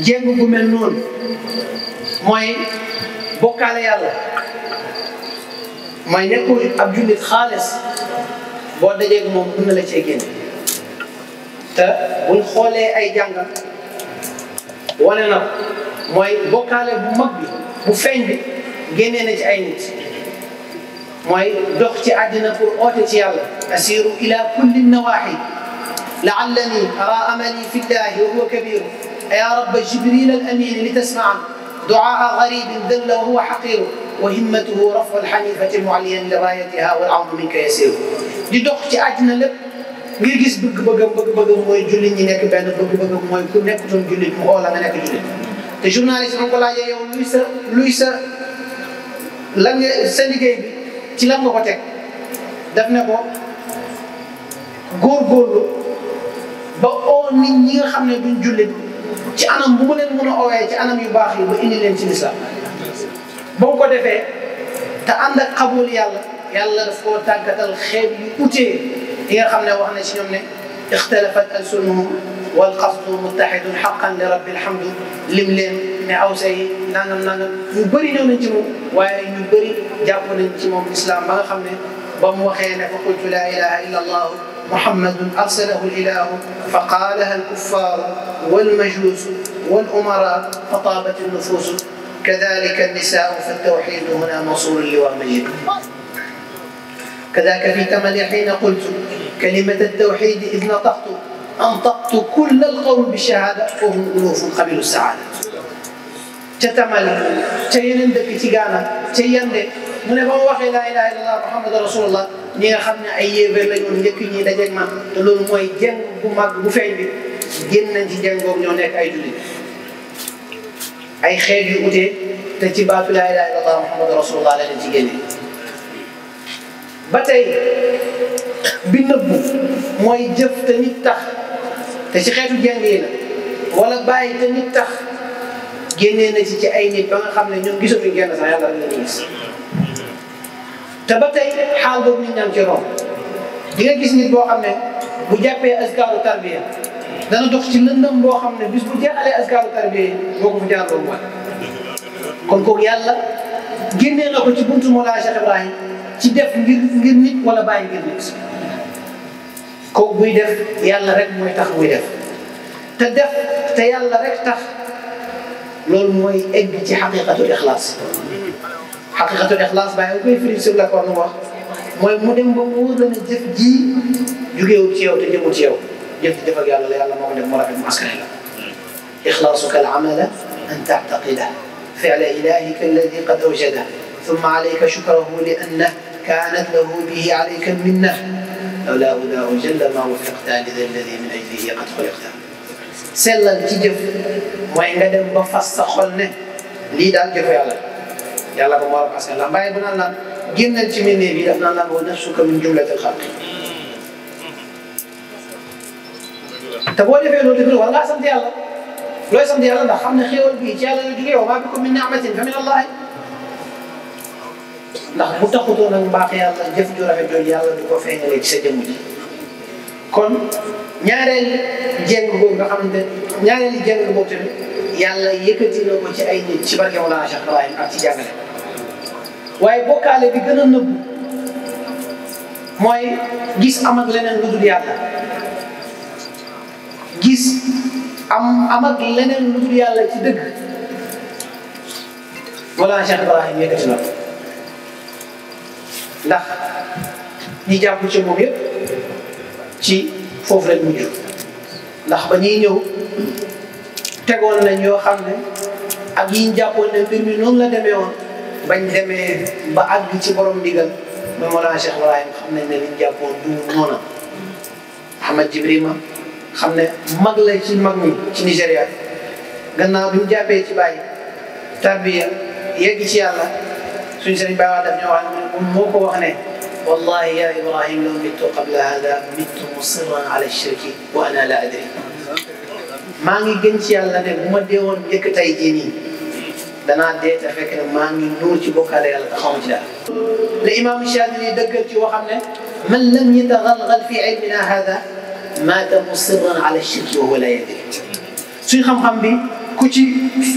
jéng bu mel noonu mooy bokkaale yàlla mooy nekkul ab jullit xaalis boo dajee moom mën na la cee génn te buñ xoolee ay jàngal wane na mooy bokkaale bu mag bi bu feeñ bi génnee na ci ay nit mooy dox ci àddina pour oote ci yàlla asiru ila kulli nawaaxi laallani ara amali fi llahi wa huwa kabiru ya rabba jibril al amin li tasmaa duaa garibin dalla wa huwa xaqiru wa himmatuhu rafu alxanifati mualiyan liraayatiha wal awdu minka yasiru di dox ci àddina lépp ngir gis bëgg-bëggam bëgg-bëggam mooy jullit ñi nekk benn bëgg-bëggam mooy ku nekkutoon jullit mu xool la nga nekk jullit te journaliste bi nga ko laajee yow luy sa luy sa lan nga sa bi ci lan nga ko teg def ne ko góorgóorlu ba oo nit ñi nga xam ne duñ jullit ci anam bu mu leen mën a oowee ci anam yu baax yi ba indi leen ci lislaam boo ko defee te ànd ak xabool yàlla yàlla foo koo tàggatal xeeb yu utee yi nga xam ne wax na ci ñoom ne اختلفت ألسنهم والقصد متحد حقا لرب الحمد لم لم نعوسي نان نان نبري نون نجمو واي نبري جابو نجمو الإسلام ما خمنا بام وخينا فقلت لا إله إلا الله محمد أرسله الإله فقالها الكفار والمجوس والأمراء فطابت النفوس كذلك النساء فالتوحيد هنا مصور لواء مجيد كذاك في تملي حين قلت كلمة التوحيد إذ نطقت أنطقت كل القول بشهادة وهم ألوف قبل السعادة تتمل تيرند بتيغانا تيرند من هو وحي لا إله إلا الله محمد رسول الله نيا خمنا أي بلغ من يكني لجمع تلوم ما يجمع بما بفعل جن نجي جمع بنيان أي جلد أي خير يؤدي تجيب لا إله إلا الله محمد رسول الله لا لنتيجه ba tey bi mooy jëf te nit tax te ci xeetu jàng yi wala bàyyi te nit tax génnee na ci ci ay nit ba xam ne ñoom gisatuñ kenn sax yàlla rek la ñu gis te ba tey xaal boobu nit ñaan ci romb di gis nit boo xam ne bu jàppee askaaru tarbiya dana dox ci lëndëm boo xam ne bis bu jeexalee askaaru tarbiya yi boo ko fu jaar loolu mooy kon kooku yàlla génnee na ko ci buntu Mawlaa Cheikh Ibrahim ci def ngir ngir nit wala bàyyi ngir nit ko buy def yàlla rek moy tax buy def te def te yàlla rek tax loolu moy egg ci haqiqatu ikhlas haqiqatu ikhlas bàyyi nga fi firi sur la ko wax moy mu dem ba mo wóor la ne jëf ji wu ci yow te jëmul ci yow def def ak yàlla la yàlla moko def mo rafet mo askan la ikhlasuka al amala an taataqida fi'la ilahika alladi qad awjada ثم عليك شكره لأنه كانت له به عليك منة لولا هداه جل ما وفقت لذا الذي من أجله قد خلقته سلا الجيف وين قد بفص خلنا لي دال جف يلا يلا بمبارك حسن الله باي بنا لنا جنة من نبي لفنا لنا ونفسك من جملة الخلق تبغى جف يلا تقول والله سمت يلا لو سمت يلا دخلنا خير بيجي يلا الجليل وما بكم من نعمة فمن الله ndax bu taxutoo nag mbaax yàlla jëf ju rafet jooju yàlla du ko feeñalee ci sa jëmm ji kon ñaareel jeng boobu nga xamante ñaareel jeng boobu tamit yàlla yëkkati na ko ci ay nit ci barke wala Cheikh Ibrahim ak ci jàngale waaye bokkaale bi gën a nëbbu mooy gis am ak leneen lu dul yàlla gis am am ak leneen lu dul yàlla ci dëgg wala Cheikh Ibrahim yëkkati na ndax ñi jàpp ci moom yëpp ci foofu lañ mujj ndax ba ñuy ñëw tegoon nañ yoo xam ne ak yiñ jàppoon ne mbir mi noonu la demee bañ demee ba àgg ci borom ndigal mooy Mawlana Cheikh Ibrahim xam nañ ne liñ jàppoon du noona Ahmad Jibrima xam ne mag la ci mag ñi ci Nigéria gannaaw bi mu jàppee ci bàyyi tarbiya yegg ci yàlla سنسني بعد أن يوعد أمك وأخني والله يا إبراهيم لو مت قبل هذا مت مصرا على الشرك وأنا لا أدري ما عندي جنس يا الله نعم ما ديون يكتاي جيني دنا ديت فكر ما نور تبوك على الله خامجة الإمام الشافعي دقر تي من لم يتغلغل في علمنا هذا مات مصرا على الشرك وهو لا يدري سي خم خم بي كوتشي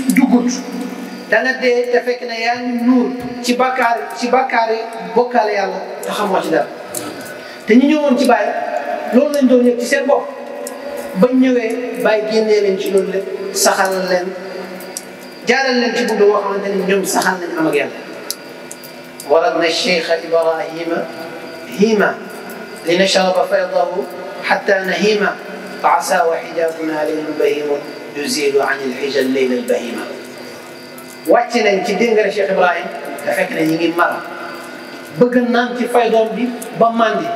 دوغوت dana dee te fekk ne yaa ngi nuur ci bàkkaar ci bàkkaare bokkaale yàlla te xamoo ci dara te ñu ñëwoon ci bàyyi loolu lañ doon yëg ci seen bopp bañ ñëwee bàyyi génnee leen ci loolu lépp saxal leen jaaral leen ci buntu boo xamante ni ñoom saxal nañ am ak yàlla warat na cheikh ibrahima hiima li nashraba faydahu xatta nahima fa asa wa xijabuna alayhi bahimun yuzilu an alxija al leyla albahima wàcc nañ ci déngale Cheikh Ibrahim te fekk ne ñi ngi mar bëgg naan ci faydoom bi ba màndi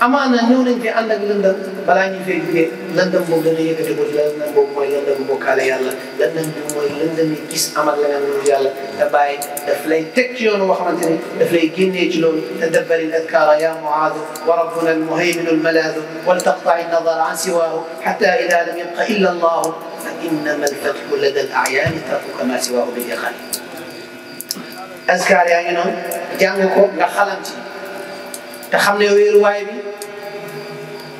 amaana ñëw nañ fi ànd ak lëndëm balaa ñu fee jugee lëndëm boobu dana yëkkati ko lëndëm boobu mooy lëndëm bokkaale yàlla lëndëm bi mooy lëndëm yi gis amal la nga nuyu yàlla te bàyyi daf lay teg ci yoon woo xamante ni daf lay génnee ci loolu te dabbari adkaara yaa muaadu wa rabbuna almuhayminu almalaadu wal taqtai nadar an siwaahu xata ida lam yabqa illa allahu إنما الفتح لدى الأعيان تركك ما سواه بالإقان askar yaa ngi noonu jàng ko nga xalam ci te xam ne wéeruwaay bi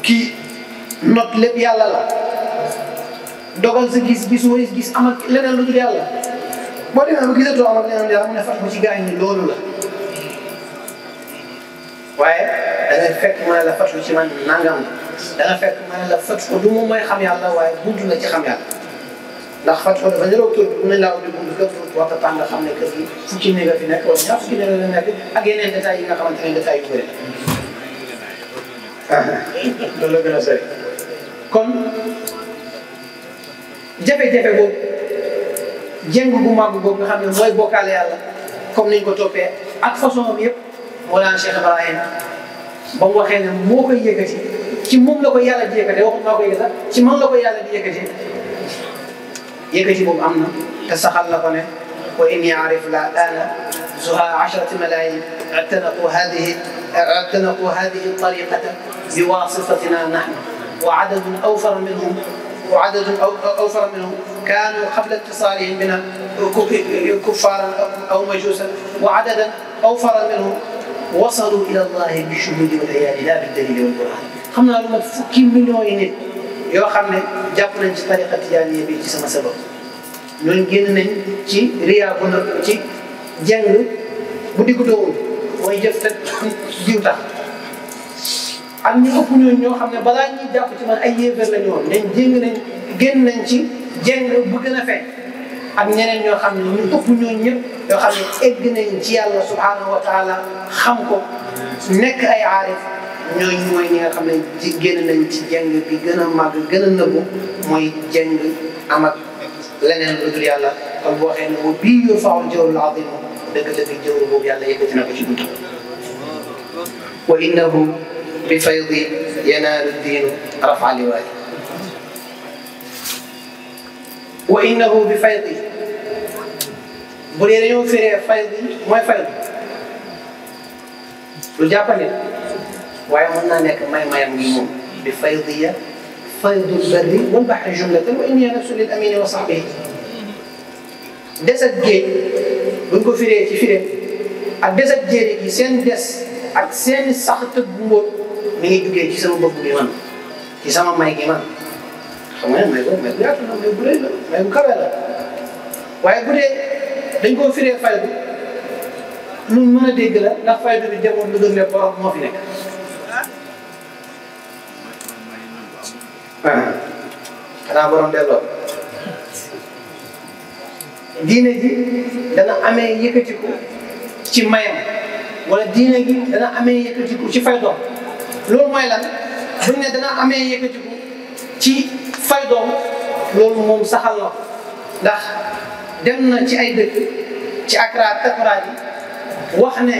kii not lépp yàlla la dogal sa gis gis wëris gis amal leneen lu dul yàlla boo demee ba gisatoo amal leneen yàlla mu ne fat ko ci gaañ ni loolu la waaye da nga fekk la fatu ci man nangam la da nga fekk mu la fatu ko du moom mooy xam yàlla waaye buntu la ci xam ndax Fatick dafa niroog tur bi bu ne laaw di xam ne kër gi fukki néeg a fi nekk wala ñaar fukki néeg a fi nekk ak yeneen détails yi nga xamante ne détails yu bëri. loolu la gën a sori kon jafe-jafe boobu jéng bu màgg boobu nga xam ne mooy bokkaale yàlla comme niñ ko toppee ak façon am yëpp moo daan Cheikh Ibrahima ba mu waxee ne moo koy yëkkati ci moom la ko yàlla di yëkkatee waxut maa koy yëkkati ci man la ko yàlla di yëkkatee. yëkkati boobu am na te saxal na ko ne wa inni اعتنقوا هذه اعتنقوا هذه الطريقة بواسطتنا نحن وعدد أوفر منهم وعدد أوفر منهم كانوا قبل اتصالهم بنا كفارا أو مجوسا وعددا أوفر منهم وصلوا إلى الله بالشهود والعياذ لا بالدليل والقرآن. خمنا naa lu mat fukki yoo xam ne jàpp nañ ci tariqa tijaaniya bi ci sama sabab ñooñu génn nañ ci riyaa bu ci jàng bu diggu doowul mooy jëf jiw tax am ñu ëpp ñooñu ñoo xam ne balaa ñuy jàpp ci man ay yéefar la ñu woon nañ ci jàng bu gën a fekk ak ñeneen ñoo xam ne ñu ëpp ñooñu ñëpp yoo xam ne egg nañ ci yàlla subhaanahu wa xam ko nekk ay aarif ñooñu mooy ñi nga xam ne ji génn nañ ci jàng bi gën a màgg gën a nëbbu mooy jàng am ak leneen lu dul yàlla kon boo xee ne bu bii yu faaw jawrul azim dëgg-dëgg jawru boobu yàlla yëkkati na ko ci dund. wa innahu bi faydi yanaalu diinu rafa liwaali wa innahu bi faydi bu dee dañoo firee faydi mooy faydi lu jàppale. waaye mën naa nekk may-mayam ngi moom bi faydiya faydul barri wal bahri jumlatan wa inni nafsu lil amini wa sahbihi des ak géej buñ ko firee ci firee ak des ak jéeri gi seen des ak seen sax tëgg mbóot mi ngi jugee ci sama bopp bi man ci sama may gi man xam nga ne may boobu may bu yaatu la may bu rëy la may bu kawe la waaye bu dee dañ koo firee faydu luñ mën a dégg la ndax faydu bi jamono lu gën leen borom moo fi nekk xanaa borom delloo diine ji dana amee yëkkatiku ci mayam wala diine gi dana amee yëkkatiku ci fay doom loolu mooy lan buñ moom saxal la ndax dem na ci ay dëkk ci Accra Takra yi wax ne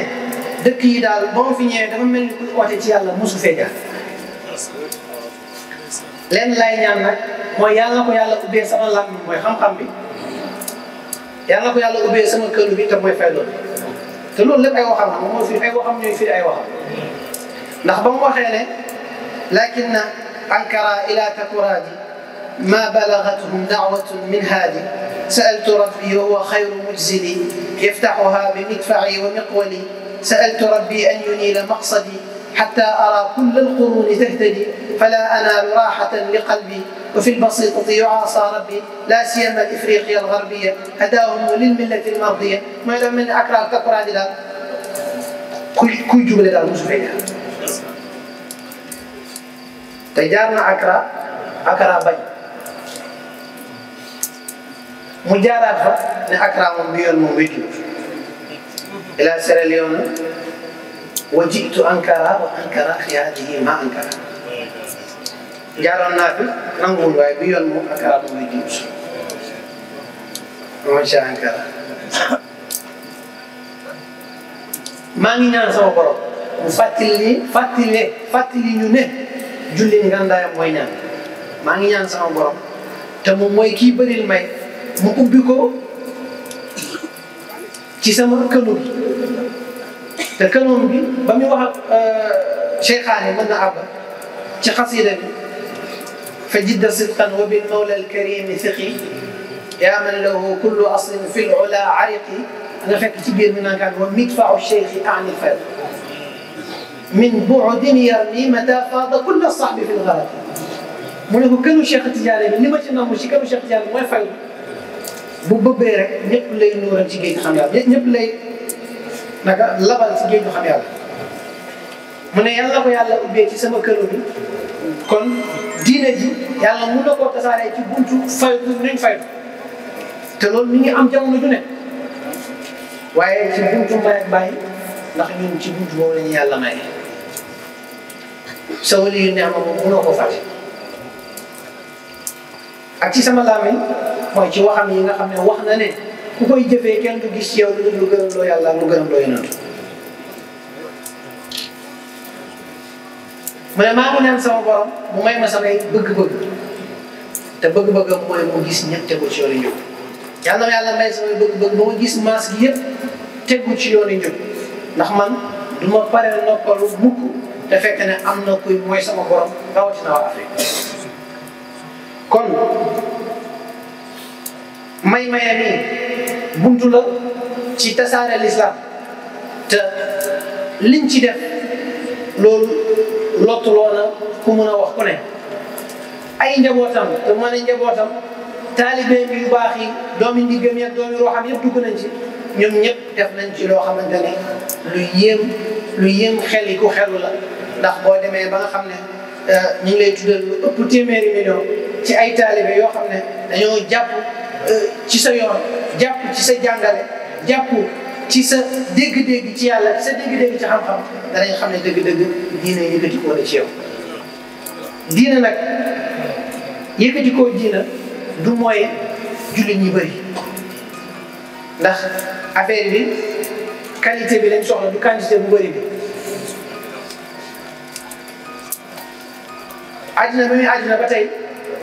dëkk yi daal ba mu fi ñëwee dafa mel ni kuy oote ci yàlla mosu fee jaar leen lay ñaan nag mooy yàlla ko yàlla ubbee sama làmmiñ mooy xam-xam bi yàlla ko yàlla ubbee sama kër bi te mooy fay loolu te loolu lépp ay waxam moom moo fi ay waxam ñooy firi ay waxam ndax ba mu waxee ne lakinna ankara ila takuraadi ma balagathum dawatun min haadi سألت ربي وهو خير مجزلي يفتحها بمدفعي ومقولي سألت ربي أن ينيل مقصدي حتى أرى كل القرون تهتدي فلا أنال راحة لقلبي وفي البسيطة يعاصى ربي لا سيما إفريقيا الغربية هداهم للملة المرضية ما من أكره تقرأ هذه كل كل جملة لا مسفينها تجارنا أكرا أكرا بي مجارفة أكرا من بيون مبيتو إلى سيراليون وجئت أنكرا وأنكرا في هذه ما أنكرا jaaroon naa fi nanguwul waaye bi yoon moom Ankara maa ngi ñaan sama borom mu fàttali fàttali fàttali ñu ne julli ngandaayam mooy ñaan maa ngi ñaan sama borom te moom kii bëril may mu ubbi ci sama kënu تكلم بي بمي واحد آه من عبا شي قصيدة بي فجد صدقا وبالمولى الكريم ثقي يا من له كل أصل في العلا عريقي أنا فاكر كبير من كان ومدفع الشيخ أعني فاد من بعد يرمي متى فاض كل الصحب في الغرق مولاه كانوا شيخ تجاري اللي ما كانوا مشي كانوا شيخ تجاري ما يفعلوا بوبو بيرك نبلي نورا تجي خمياب نبلي naka labal ci géeju xam yàlla mu ne yàlla ko yàlla ubbee ci sama këro bi kon diine ji yàlla mun na koo tasaaree ci buntu faydu nuñ faydu te loolu mi ngi am jamono ju ne waaye ci buntu may ak bàyyi ndax ñun ci buntu moom ñu yàlla may sa wali yu neex ma moom munoo ko fàtte ak ci sama làmmiñ mooy ci waxam yi nga xam ne wax na ne ku koy jëfee kenn du gis yow lu dul lu gërëm loo yàlla lu gërëm loo yonent mu ne maa ngi ñaan sama borom bu may ma samay bëgg-bëgg te bëgg-bëggam mooy mu gis ñëpp tegu ci yoonu njub yàlla yàlla may samay bëgg-bëgg ba ma gis maas gi yëpp tegu ci yoonu njub ndax man du ma pare noppalu mukk te fekk ne am na kuy mooy sama borom rawatina waa Afrique kon. may maye mi buntu la ci tasaare lislaam te liñ ci def loolu lottuloo na ku mun a wax ku ne ay njabootam te mën a njabootam taalibe bi yu yi doomi ndiggam yëpp doomi rooxam dugg nañ ci ñoom ñëpp def nañ ci loo xamante ne lu yéem lu yéem xel ku xelu la ndax boo demee ba nga xam ne euh, ñu ngi lay tuddal lu ëpp téeméeri million ci ay taalibe yoo xam ne dañoo jàpp Euh, ci sa yoon jàpp ci sa jàngale jàpp ci sa dégg-dégg ci yàlla sa dégg-dégg ci xam-xam danañ xam ne dëgg-dëgg diine yëkkati koo ci yow diine nag yëkkati koo diine du mooy jullit ñi bëri ndax affaire bi qualité bi lañ soxla du quantité bu bëri bi àddina ba muy àddina ba tey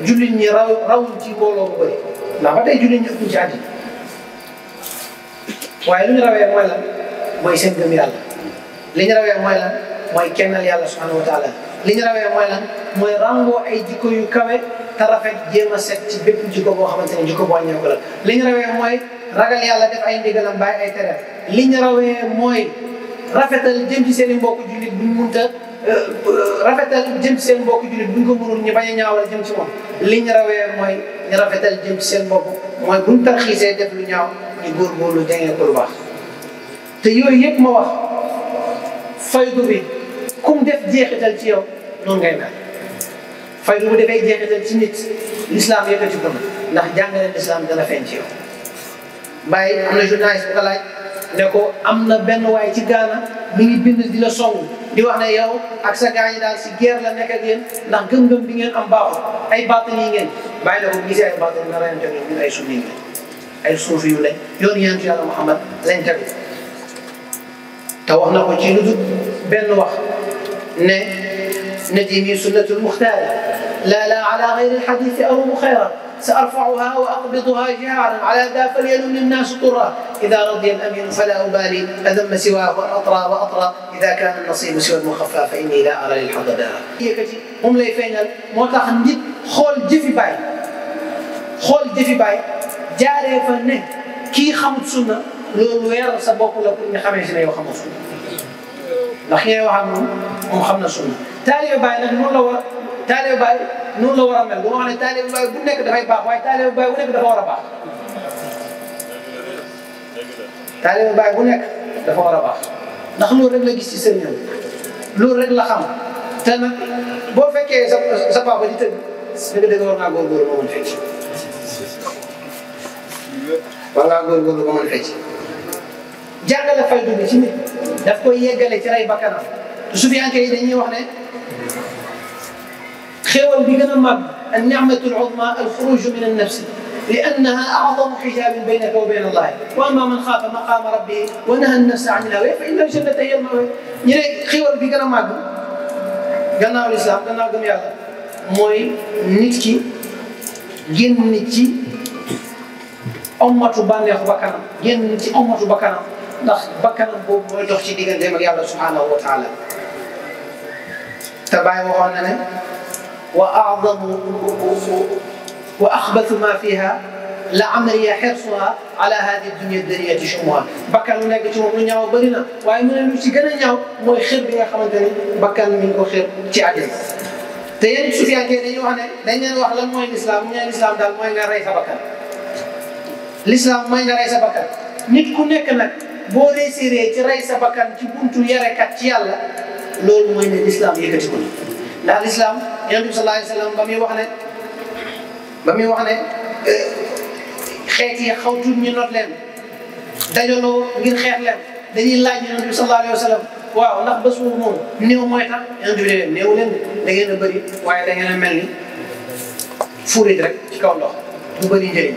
jullit ñi raw rawuñ ci mbooloo bu bëri ndax ba tey jullit ñëpp ci àddina waaye lu ñu rawee mooy lan mooy seen gëm yàlla li ñu rawee mooy lan mooy kennal yàlla subhanahu wa taala li ñu rawee mooy lan mooy ay jikko yu kawe te rafet a set bépp jikko boo xamante ne jikko boo wàññeeku la li rawee mooy ragal yàlla def ay ndigalam bàyyi ay tere li ñu rawee mooy rafetal jëm seeni seen i mbokku jullit munta euh, euh, rafetal jëm seen mbokku jullit buñ ko mënul ñu bañ a ñaawal jëm ci li ñu rawee mooy ñu rafetal jëm seen bopp mooy bu ñu tarxiisee def lu ñaaw ñu góorgóorlu jàngee ko lu baax te yooyu yëpp ma wax faydu bi kum def jeexital ci yow noonu ngay mel faydu bu defee jeexital ci nit l'islam yëkkati ko ndax jàngaleen l'islam dana feeñ ci yow bàyyi am na journaliste bu laaj ne ko am na benn waay ci Gaana bi ngi bind di la songu di wax ne yow ak sa gars yi daal si guerre la nekk ak yéen ndax gëm-gëm bi ngeen am baax ay bàttal yi ngeen bàyyi la ko gisee ay bàttal na rayante ñoom ñun ay sunni lañ ay suufi yu lañ yoon yéen ci yàlla Muhammad lañ tegu te wax na ko ci lu dul benn wax ne ne di mi sunnatul muxtaar la la ala gayri alxadisi aw mu xayra سأرفعها وأقبضها جهارا على ذا فليلم الناس طرا إذا رضي الأمير فلا أبالي أذم سواه وأطرى وأطرى إذا كان النصيب سوى المخفى فإني لا أرى للحظ دارا هم لي فينال موتا خندي خول جيفي باي خول جيفي باي جاري فنن كي خمت سنة لو لوير سبوكو لكو إني خمي جنة يو خمت سنة لخيه يو خمنا سنة تالي يو باي نجمو لور taalibe baay noonu la war a mel bu baay bu nekk dafay baax waaye taalibe baay bu nekk dafa war a baax. taalibe baay bu nekk dafa war a baax ndax la gis ci sëriñam loolu rek la xam te nag boo fekkee sa sa papa di tëdd dëgg-dëgg war ngaa góorgóorlu ba mën fecc. war ngaa góorgóorlu خيول بيقنا النعمة العظمى الخروج من النفس لأنها أعظم حجاب بينك وبين الله وأما من خاف مقام ربه ونهى النفس عن الهوى فإن الجنة هي المأوي يعني خيول بيقنا ما قلنا قلنا الإسلام قلنا قم يالله موي نتكي جن نتكي أمة بان يخ بكنا جن نتكي أمة بكنا نخ بكنا بوم موي دخشي ديجن ديم يالله سبحانه وتعالى تبعي وقالنا نه وأعظم وأخبث ما فيها لعمري حرصها على هذه الدنيا الدنيا شموها بكر من يجي شو من يعو بدينا وين من يمشي كنا يعو ما يخير بيا خمن تاني بكر من يكو خير تعدين تين شو فيها كده يو هني دنيا لو حلم ما الإسلام ما الإسلام دال ما ينعرف بكر الإسلام ما ينعرف بكر نيت كنا كنا بوري سيري ترى يسبكان تبون تيارة كتيالا لول ما ينعرف الإسلام يكتبون ndax lislaam yonent bi sallallahu alayhi wa sallam ba muy wax ne ba muy wax ne xeet yi xaw tuut ñu noot leen dajaloo ngir xeex leen dañuy laaj yonent bi sallallahu alayhi wa sallam waaw ndax bés boobu moom néew mooy tax yonent bi leen néew leen da ngeen a bëri waaye da ngeen a mel ni fuurit rek ci kaw ndox bu bëri njëriñ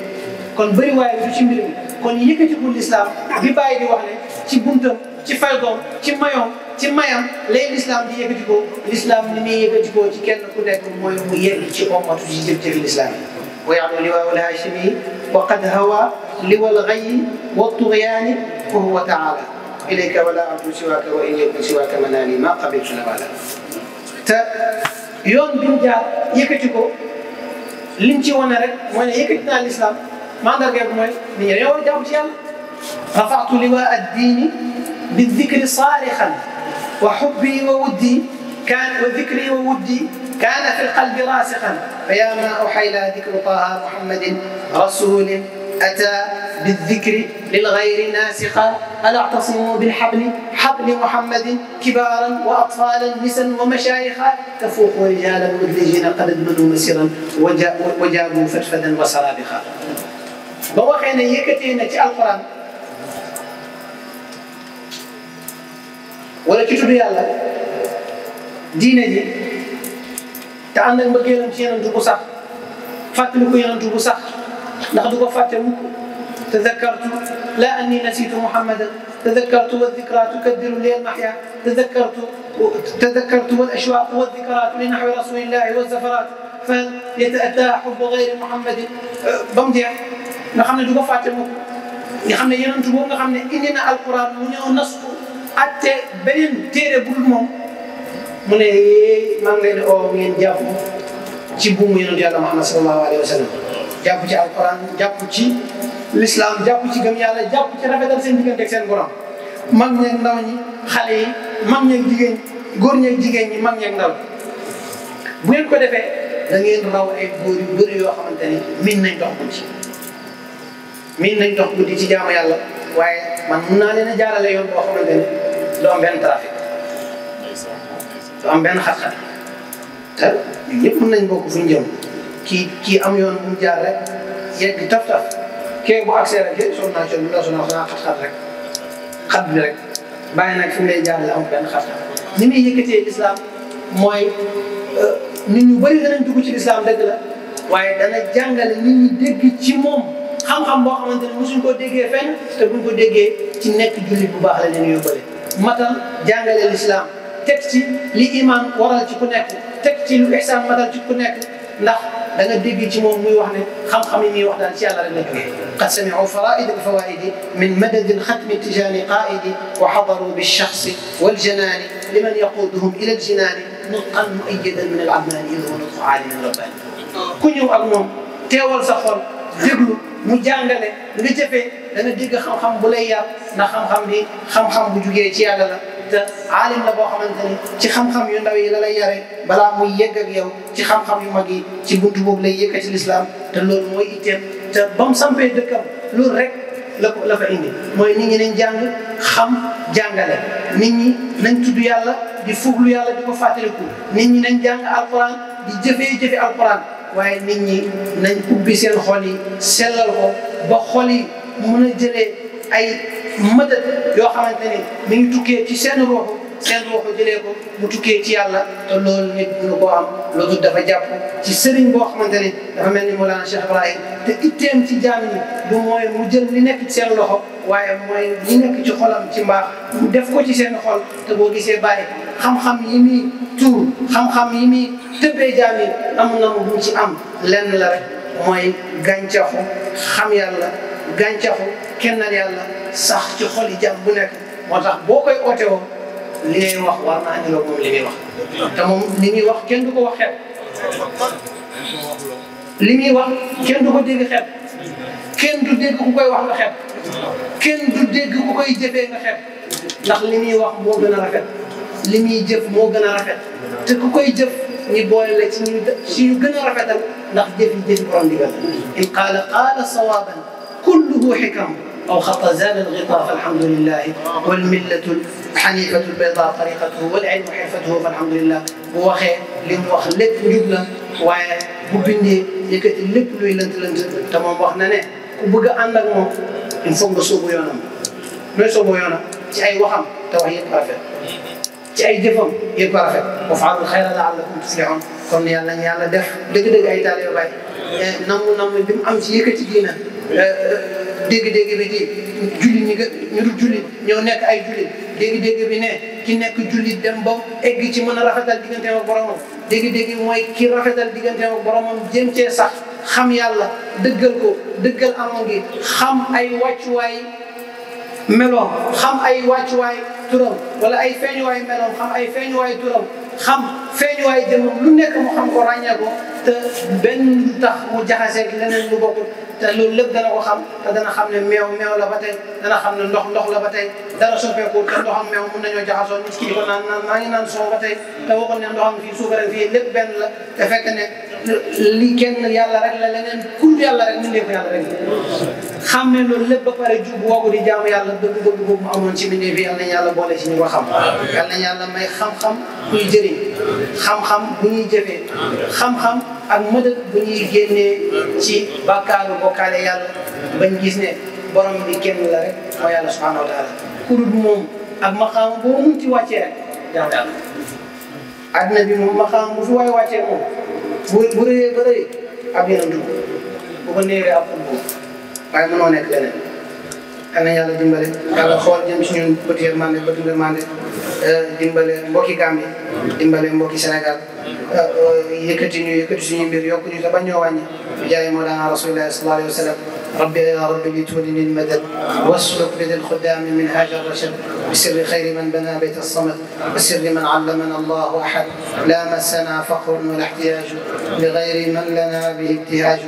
kon bëri waaye du ci mbir mi kon yëkëti bu l'islam bi bàyyi di wax ne ci buntu ci fardoom ci mayoom ci mayam lay l'islam di yëkëti yëkkatikoo lislaam ni muy ko ci kenn ku nekk moy mu yëg ci omatu ci jëm ci l'islam wa jëfi lislaam ويعلو لواء الهاشمي وقد هوى لوى الغي والطغيان وهو تعالى إليك ولا أرجو سواك وإن يكن سواك ma ما la نوالا ta yoon bi ñu jaar yëkkati ko liñ ci wane rek mooy ne yëkkati naa lislaam ماذا قال قميل؟ يا جاب جاب رفعت لواء الدين بالذكر صارخا وحبي وودي كان وذكري وودي كان في القلب راسخا فيا ما أحيلا ذكر طه محمد رسول أتى بالذكر للغير ناسخا ألا اعتصموا بالحبل حبل محمد كبارا وأطفالا نسا ومشايخا تفوق رجالا مدلجين قد ادمنوا مسيرا وجابوا فرفدا وسرابخا بوخينا يكتينا تي القران ولا كتب يالا دينا دي تعال نك مبغي يونس يونس دوكو صاح فاتلكو يونس دوكو صاح لا دوكو فاتلكو تذكرت لا اني نسيت محمدا تذكرت والذكرى تكدر لي المحيا تذكرت تذكرت والاشواق والذكرات لنحو رسول الله والزفرات فهل يتاتى حب غير محمد بمضيع nga xam ne du ko fàtte moom nga xam ne yonent boobu nga xam ne indi na alquran mu ñëw nas ko atte beneen téere bu dul moom mu ne maa ngi leen di oo ngeen jàpp ci buumu yonent yàlla Muhammad na alayhi wa sallam jàpp ci alquran jàpp ci l'islam jàpp ci gëm yàlla jàpp ci rafetal seen diggante ak seen borom mag ñeeg ndaw ñi xale yi mag ñeeg jigéen góor ñeeg jigéen ñi mag ñeen ndaw bu ngeen ko defee da ngeen raw ay góor yu bëri yoo xamante ni min nañ dox ci miin nañ dox guddi ci jaamu yàlla waaye man mun naa leen a jaarale yoon boo xam ne du am benn trafic du am benn xat-xat te ñun ñëpp mën nañ bokk fu ñu jëm kii kii am yoon bu jaar rek yegg taf-taf kee bu accès rek yëpp sonn naa coono mu la sonal xanaa xat-xat rek xat bi rek bàyyi nag fi mu lay jaarale amul benn xat-xat ni muy yëkkatee islam mooy euh, nit ñu bëri danañ dugg ci islam dëgg la waaye dana jàngale nit ñi dégg ci moom. xam-xam boo xamanteni ne mosuñ ko déggee fenn te buñ ko déggee ci nekk julli bu baax la leen yóbbale matal jàngale lislaam teg ci li iman waral ci ku nekk teg ci lu ihsaan matal ci ku nekk ndax da nga dégg ci moom muy wax ne xam-xam yi muy wax daal ci yàlla rek la jógee qad samiu faraid al fawaid min madad al alxatmi tijani qaidi wa xadaru bilchaxsi waljanaani liman yaquduhum ila aljinaani nuqan muayadan min al alabnaani yadhunu alqaali min rabbani ku ñëw ak moom teewal sa xol déglu mu jàngale nga jëfee da nga dégg xam-xam bu lay yar na xam-xam di xam-xam bu jugee ci yàlla la te aalim la boo xamante ni ci xam-xam yu ndaw yi la lay yare balaa muy yegg ak yow ci xam-xam yu mag yi ci buntu boobu lay yëkka ci lislaam te loolu mooy itteem te ba sampee dëkkam lool rek la ko la fa indi mooy nit ñi nañ jàng xam jàngale nit ñi nañ tudd yàlla di fuglu yàlla di ko fàttaliku nit ñi nañ jàng alquran di jëfee jëfe alquran waaye nit ñi nañ ubbi seen xol yi sellal ko ba xol yi mën a jëlee ay mëdët yoo xamante ni mi ngi tukkee ci seen ruux seen ruux jëlee ko mu tukkee ci yàlla te loolu nit mënu koo am loolu dafa jàpp ci sëriñ boo xamante ni dafa mel ni Mawlana Cheikh Ibrahim te itteem ci jaam ñi du mooy mu jël li nekk ci seen loxo waaye mooy li nekk ci xolam ci mbaax mu def ko ci seen xol te boo gisee bàyyi xam-xam yi muy tuur xam-xam yi muy tëbbee jaam yi amul na mu bu ci am lenn la rek mooy gàncaxu xam yàlla gàncaxu kennal yàlla sax ci xol yi jàmm bu nekk moo tax boo koy oote woo li ngay wax war naa ñu moom li muy wax te moom li muy wax kenn du ko wax xet li muy wax kenn du ko dégg xet kenn du dégg ku koy wax nga xet kenn du dégg ku koy jëfee nga xet ndax li wax moo gën rafet limi jëf mo gëna rafet te ku koy jëf ni boole la ci ñu ci ñu gëna rafetal ndax jëf yi او خط زال الغطاء فالحمد لله والمله الحنيفه البيضاء طريقته والعلم حرفته فالحمد لله هو خير لم واخ لك جبلا واي بو بيني يكتي لب لوي لنت لنت تمام واخنا ني كو بغا اندك مو ان فوغ سوبو يونا مي اي وهم تا واخ يي ci ay jëfam yéen ko rafet wa faalul xayra la'allakum tuflihun kon yàlla nañu yàlla def dëgg-dëgg ay taal yoo bàyyi eh, namm namm bi am ci yëkkati diina eh, eh, dégg-dégg bi di nekk ay julli dégg-dégg bi ne ki nekk julli dem ba egg ci mën a rafetal digganteem ak boromam dégg-dégg mooy ki rafetal digganteem ak boromam jëm cee sax xam yàlla dëggal ko dëggal amoon gi xam ay wàccuwaay meloom xam ay wàccuwaay turam wala ay feeñu waay meloom xam ay feeñu waay turam xam feeñu waay jëmmam lu nekk mu xam ko ràññee ko te benn tax mu jaxaseeg leneen lu bokkul te loolu lépp dana ko xam te dana xam ne meew meew la ba tey dana xam ne ndox ndox la ba tey dara soppeeku te ndox am meew mun nañoo jaxasoo nit ki di ko naan naan maa ngi naan soo ba tey te waxoon ne ndox am fii suukaram fii lépp benn la te fekk ne li kenn yàlla rek la leneen kul yàlla rek mindeefu yàlla rek xam ne loolu lépp ba pare jub woogu di jaamu yàlla dëgg dëgg boobu mu amoon ci mindeefi yàlla nañ yàlla boole ci ñu ko xam yàlla nañ yàlla may xam-xam kuy jëriñ xam-xam bu ñuy jëfee xam-xam ak mëdët bu ñuy génnee ci bàkkaaru bokkaale yàlla bañ gis ne borom bi kenn la rek moo yàlla subhanahu wa taala kuréel moom ak maqaama boo mun ci wàccee rek jaamu yàlla adduna bi moom maqaama bu fi waay wàccee moom bu bu ba rëy ab yeneen dugg bu ko néewee ab xul boobu waaye mënoo nekk leneen أنا يا الله جنبلي على خال جمشني بطير ماني بطير ماني جنبلي موكي كامي جنبلي موكي سنغال يكتشني يكتشني بير يكتشني تبني واني جاي مولانا رسول الله صلى الله عليه وسلم ربي يا ربي لتولني المدد واسلك بيد الخدام من هاجر رشد بسر خير من بنى بيت الصمد بسر من علمنا الله احد لا مسنا فقر ولا احتياج لغير من لنا به ابتهاج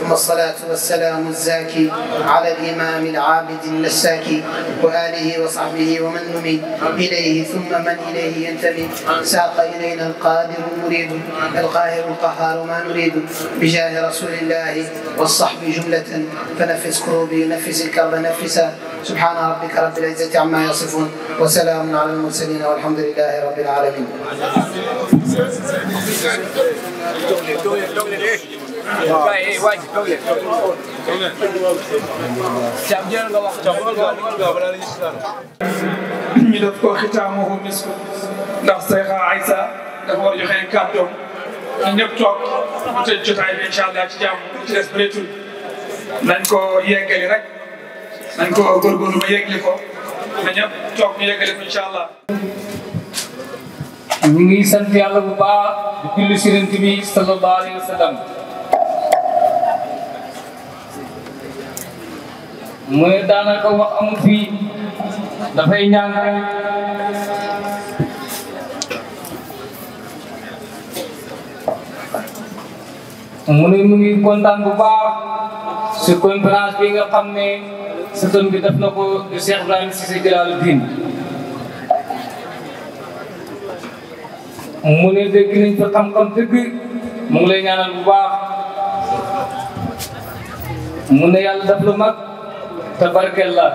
ثم الصلاة والسلام الزاكي على الإمام العابد المساكي وآله وصحبه ومن نمي إليه ثم من إليه ينتمي ساق إلينا القادر المريد القاهر القهار ما نريد بجاه رسول الله والصحب جملة فنفس كروبي نفس الكرب نفسا سبحان ربك رب العزة عما يصفون وسلام على المرسلين والحمد لله رب العالمين waaye waay ji toog leen toog leen. Thiam jël nga wax Thiam wala nga wala nga balaa ñu ñu def ko xitaamuhu misku ndax Seydou Aïssa dafa war a joxe kàddoom ñun ñëpp toog mu tëj jotaay bi incha allah ci jàmm ci des bëreetul nañ ko yeggali rek nañ ko góorgóorlu ba yeggali ko na ñëpp toog ñu yeggali ko incha allah. ñu ngi sant yàlla bu baax di julli si Yonent bi sallallahu alayhi wa sallam mu ne daanaka wax amul fii dafay ñaan mu ne mu ngi kontaan bu baax si conférence bi nga xam ne sëtën bi def na ko de Cheikh Ibrahima Cissé Jalaluddin mu ne dégg nañ fa xam-xam dëgg mu ngi ñaanal bu baax mu ne yàlla def la mag tabarkalla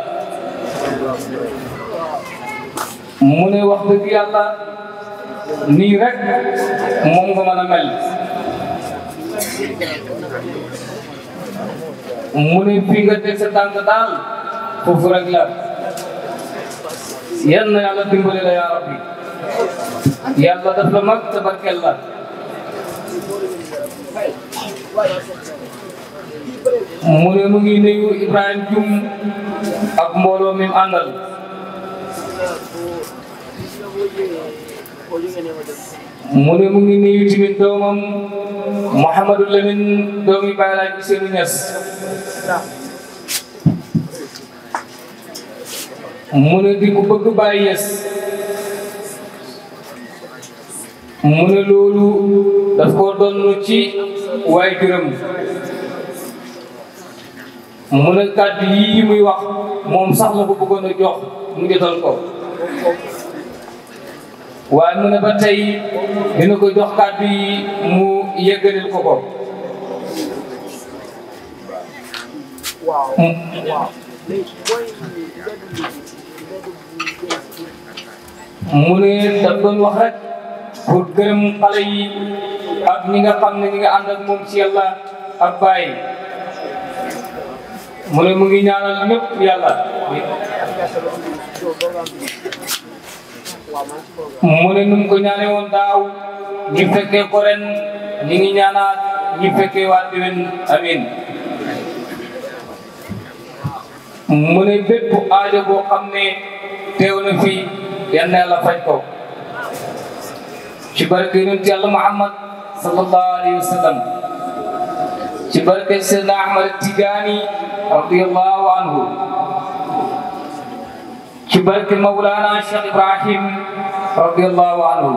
mu ne wax dëgg yàlla nii rek moom nga mën a mel mu ne fii nga teg sa tànk daal foofu rek la yan na yàlla dimbali la yaa rabbi yàlla daf la mag tabarkalla mu ne mu ngi nuyu Ibrahima Dioum ak mbooloo mi àndal. mu ne mu ngi nuyu tamit doomam Mouhamadou Lamine doomi Baye Laaj Ousseynou Niass. mu ne di ku bëgg mu ne loolu daf koo doon ci waay juróom. mu ne kàddu yii muy wax moom sax la ko bëggoon a jox mu jotal ko waaye mu ne ba tey dina ko jox kàddu mu yeggalil ko ko mu ne daf doon wax rek pour gërëm xale yi ñi nga xam ne ñi nga ànd moom ci yàlla mu ne mu ngi ñaanal ñëpp yàlla mu ne nu ko ñaanee woon daaw ñi fekkee ko ñi ngi ñaanaat ñi fekkee waat déwén amiin mu ne bépp aajo boo xam ne teew na fii yal na yàlla faj ko ci barke yonent yàlla Muhammad sallallahu alayhi wa sallam ci barke Seydina Ahmad Tijaani radiyallahu anhu ci barke Mawlana Cheikh Ibrahim radiyallahu anhu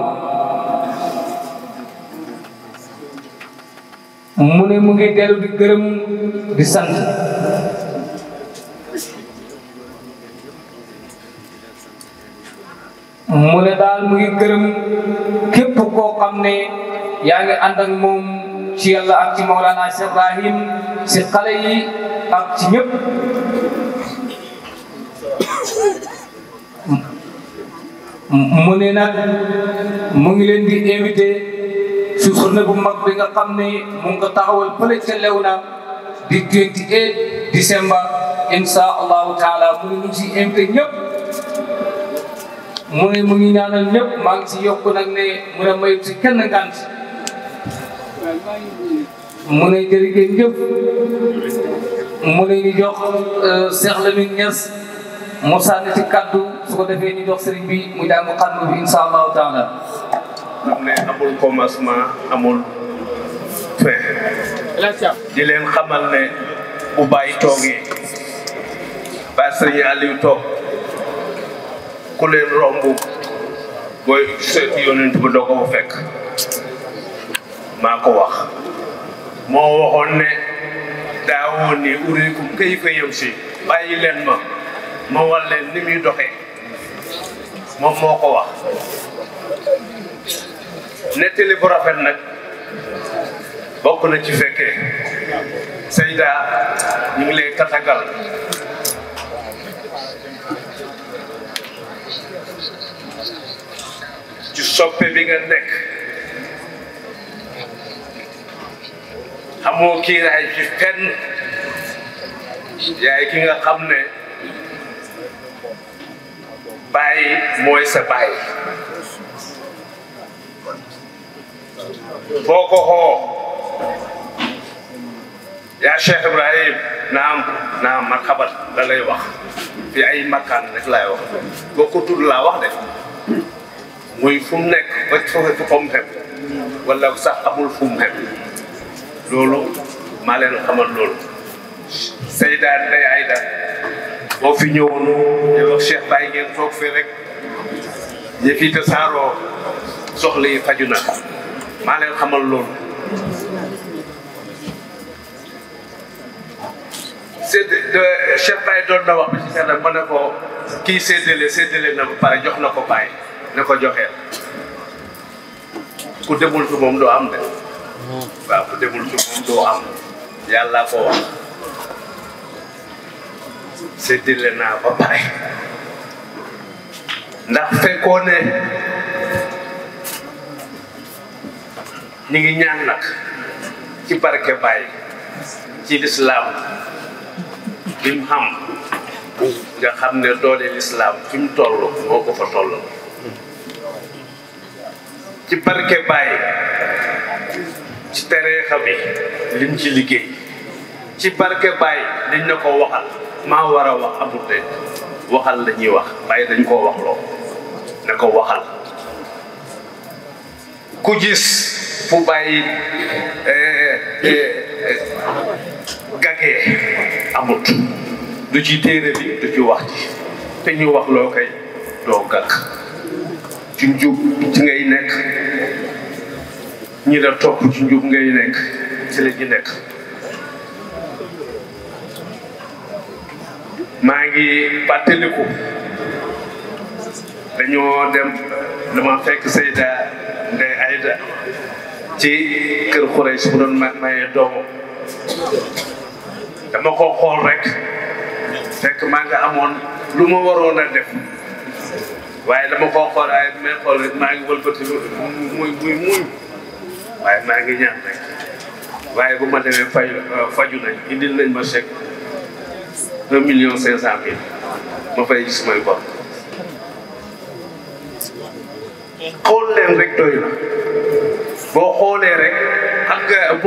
mu ne mu ngi dellu di gërëm di sant mu ne daal mu ngi gërëm koo xam ne yaa ngi ànd ak ci yàlla ak ci Mawlana Cheikh Ibrahim si xale ak ci ñëpp mu ne nag mu ngi leen di invité si journée bu mag bi nga xam ne mu ngi ko taxawal fële ca Léona di 28 décembre insha allahu taala mu ne ñu ngi si invité ñëpp mu ne mu ngi ñaanal ñëpp maa ngi si yokk nag ne mu ne mayut si kenn ngànt mu ne jërëjëf mu leen di jox euh, Cheikh Lamine Niass mu sànni ci kaddu su ko defee ñu jox sëriñ bi mu jàng xarnu bi incha allahu taala. xam ne amul commencement amul fin. di leen xamal ne bu bàyyi toogee ba sëriñ Aliou toog ku leen romb booy seet yonent bu doo ko fekk maa ko wax moo waxoon daawoo ni uriikum kayfa yamshi bàyyi leen ma ma wal leen ni muy doxee moom moo ko wax nettali bu rafet nag bokk na ci fekkee Seyda ñu ngi lay tatagal ci soppe bi nga nekk xamoo kiiraay ci fenn yaay ki nga xam ne bàyyi mooy sa bàyyi boo ko xoo yaa Cheikh Ibrahim naam naam marhaban la lay wax fi ay makkaan rek laay wax boo ko tudd laa wax de muy fu mu nekk ba foofu fu mu xeeb wala sax amul fu mu loolu maa leen xamal loolu Seyda Ndeye Aïda boo fi ñëwoon yow ak Cheikh Baye ngeen toog fii rek yëf yi tasaaroo soxla yi faju na maa leen xamal loolu na wax bi ci kanam ma na ba pare jox na ko Baye na ko joxeel ku demul fi moom doo am de waaw ku demul ci moom doo am yàlla ko wax séddale naa ba pare ndax fekkoon ne ñu ngi ñaan nag ci barke Baay ci lislaam bi mu xam nga xam ne doole lislaam fi mu moo ko fa toll ci barke Baay ci tereexa bi lim ci liggéey ci barke Baye dañ na ko waxal maa war a wax amul de waxal la ñuy wax Baye dañ koo wax loo na ko waxal ku gis fu Baye eh, eh, eh, gagee amut du ci téere bi du ci wax ci te ñu wax loo doo gàkk ci njub ci ngay nekk ñu da topp ju njub ngay nekk ci la ñu nekk maa ngi fàttaliku dañoo dem dama fekk Seyda Ndey Ayda ci kër Xurays bu doon ma maye doomu dama ko xool rek fekk maa ngi amoon lu ma waroon a def waaye dama ko xool ay may maa ngi wëlbati muy muy muy waaye maa ngi ñaan rek waaye bu ma demee faju faju nañ indil nañ ma chèque un million cinq cent mille ma fay gis may bor xool leen rek doy na boo xoolee rek ak ak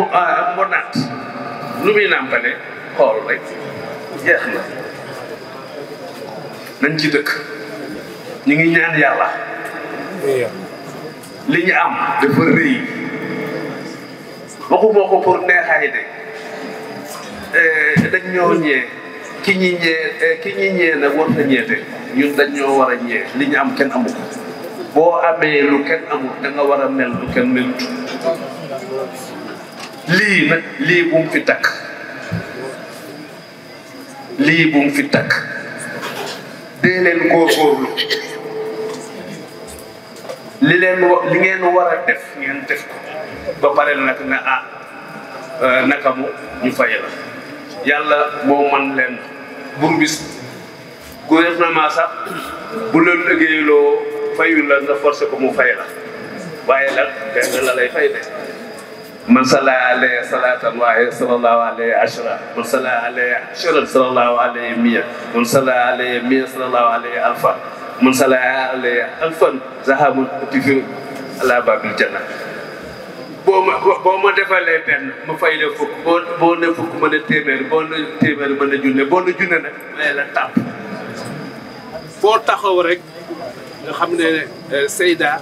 mbonaat lu muy nàmpale xool rek jeex na nañ ci dëkk ñu ngi ñaan yàlla li ñu am dafa rëy waxuma ko pour neexaay de eh, dañ ñoo ñee ki ñi ñee eh, ki ñi ñee nag war na ñeete ñun dañ ñoo war a ñee li ñu am kenn amu boo amee lu kenn amul da war a mel lu kenn melut lii nag lii bu mu fi takk lii bu mu fi takk dee leen góorgóorlu li leen li ngeen war a def ngeen def ko ba pare nag ne ah euh, naka mu ñu faye la yàlla moo man leen bur bis gouvernement sax bu la liggéeyloo fayu la nga ko mu faye la waaye nag benn la lay fay man salla alayhi salatan waaye sallallahu alayhi ashra man salla alayhi ashra sallallahu alayhi miya man salla alayhi miya sallallahu alayhi alfa man salla alayhi alfan zahabun utifi ala babil janna boo ma ma defalee benn ma fay la fukk boo boo ne fukk mën a téeméer boo ne téeméer mën a junne boo ne junne nag may la tàpp foo taxaw rek nga xam ne euh, Seyda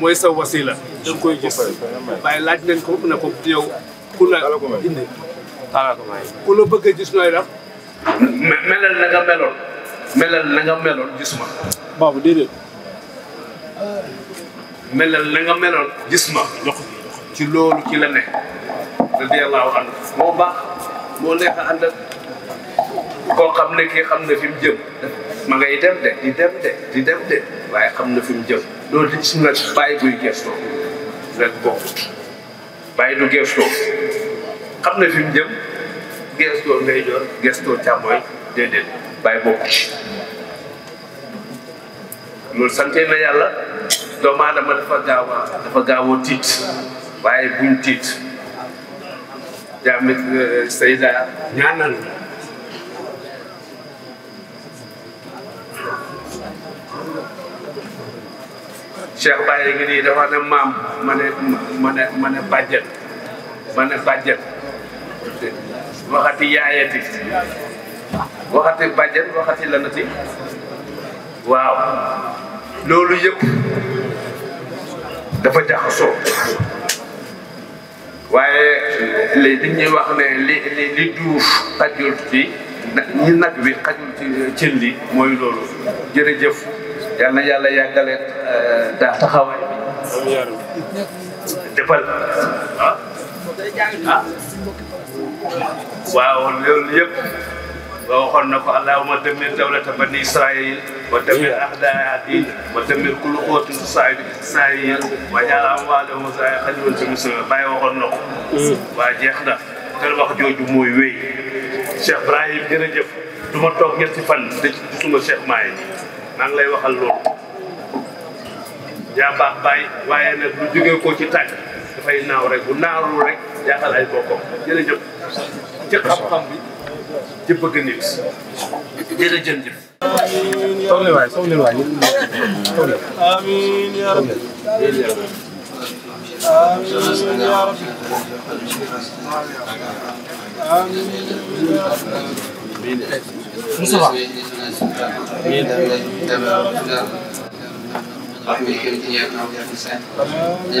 mooy sa wasila nga koy gis waaye laaj nañ ko ne ko yow ku la indi ku la bëgg a gis nooy def melal na nga meloon melal na nga meloon gis ma baabu na nga meloon gis ci loolu ci la ne radiyallahu anhu moo baax moo neex a ànd koo xam ne kii xam na fi mu jëm ma ngay dem de di dem de di dem de waaye xam na fi mu jëm loolu di gis nga bàyyi gestoo du gestoo xam na fi jëm gestoo ngay joor gestoo càmmooy déedéet bàyyi bokkut loolu sante na yàlla doomu aadama dafa gaaw dafa gaaw a tiit waaye buñ tiit jaamit euh, Seyda ñaanal Cheikh Baye ngi nii dafa ne maam ma ne ma ne ma ma ne bàjjen waxati yaayati waxati bàjjen waxati lanati waaw loolu yëpp dafa jaxasoo waaye li li wax ne li li li duuf xajul ci ñi nag bi xajul ci cin li mooy loolu jërëjëf yal na yàlla yàggale euh, daa taxawaay bi defal ah, ah. waaw loolu yëpp ba waxoon na ko allahumma dammir dawlata bani israil wa dammir wa dammir kullu wa jaal amwaalahum xaliwan fi muslimin bàyyi waxoon na ko mm. waa jeex na te wax jooju mooy wéy Cheikh Ibrahim jërëjëf du ma toog ñetti fan de suma Cheikh Maye maa lay waxal loolu yaa baax bàyyi waaye nag lu jógee ko ci tàgg dafay naaw rek bu naarul rek jaaxal ay bokkam jërëjëf ci xam-xam ci bëgg dia jërëjëf Tolni waay sawni waay Tolni Amin ya rabbi Amin ya rabbi Amin Mustafa Amin رحمك إياك نعبد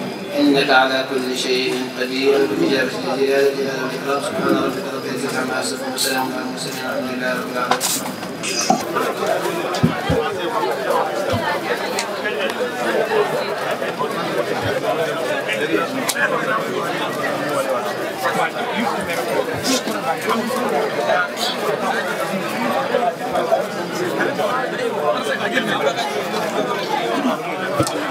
إنك على كل شيء قدير بإجابة الجلالة هذا الإكرام سبحان ربك رب العزة عما يصفون وسلام على المرسلين والحمد لله رب العالمين.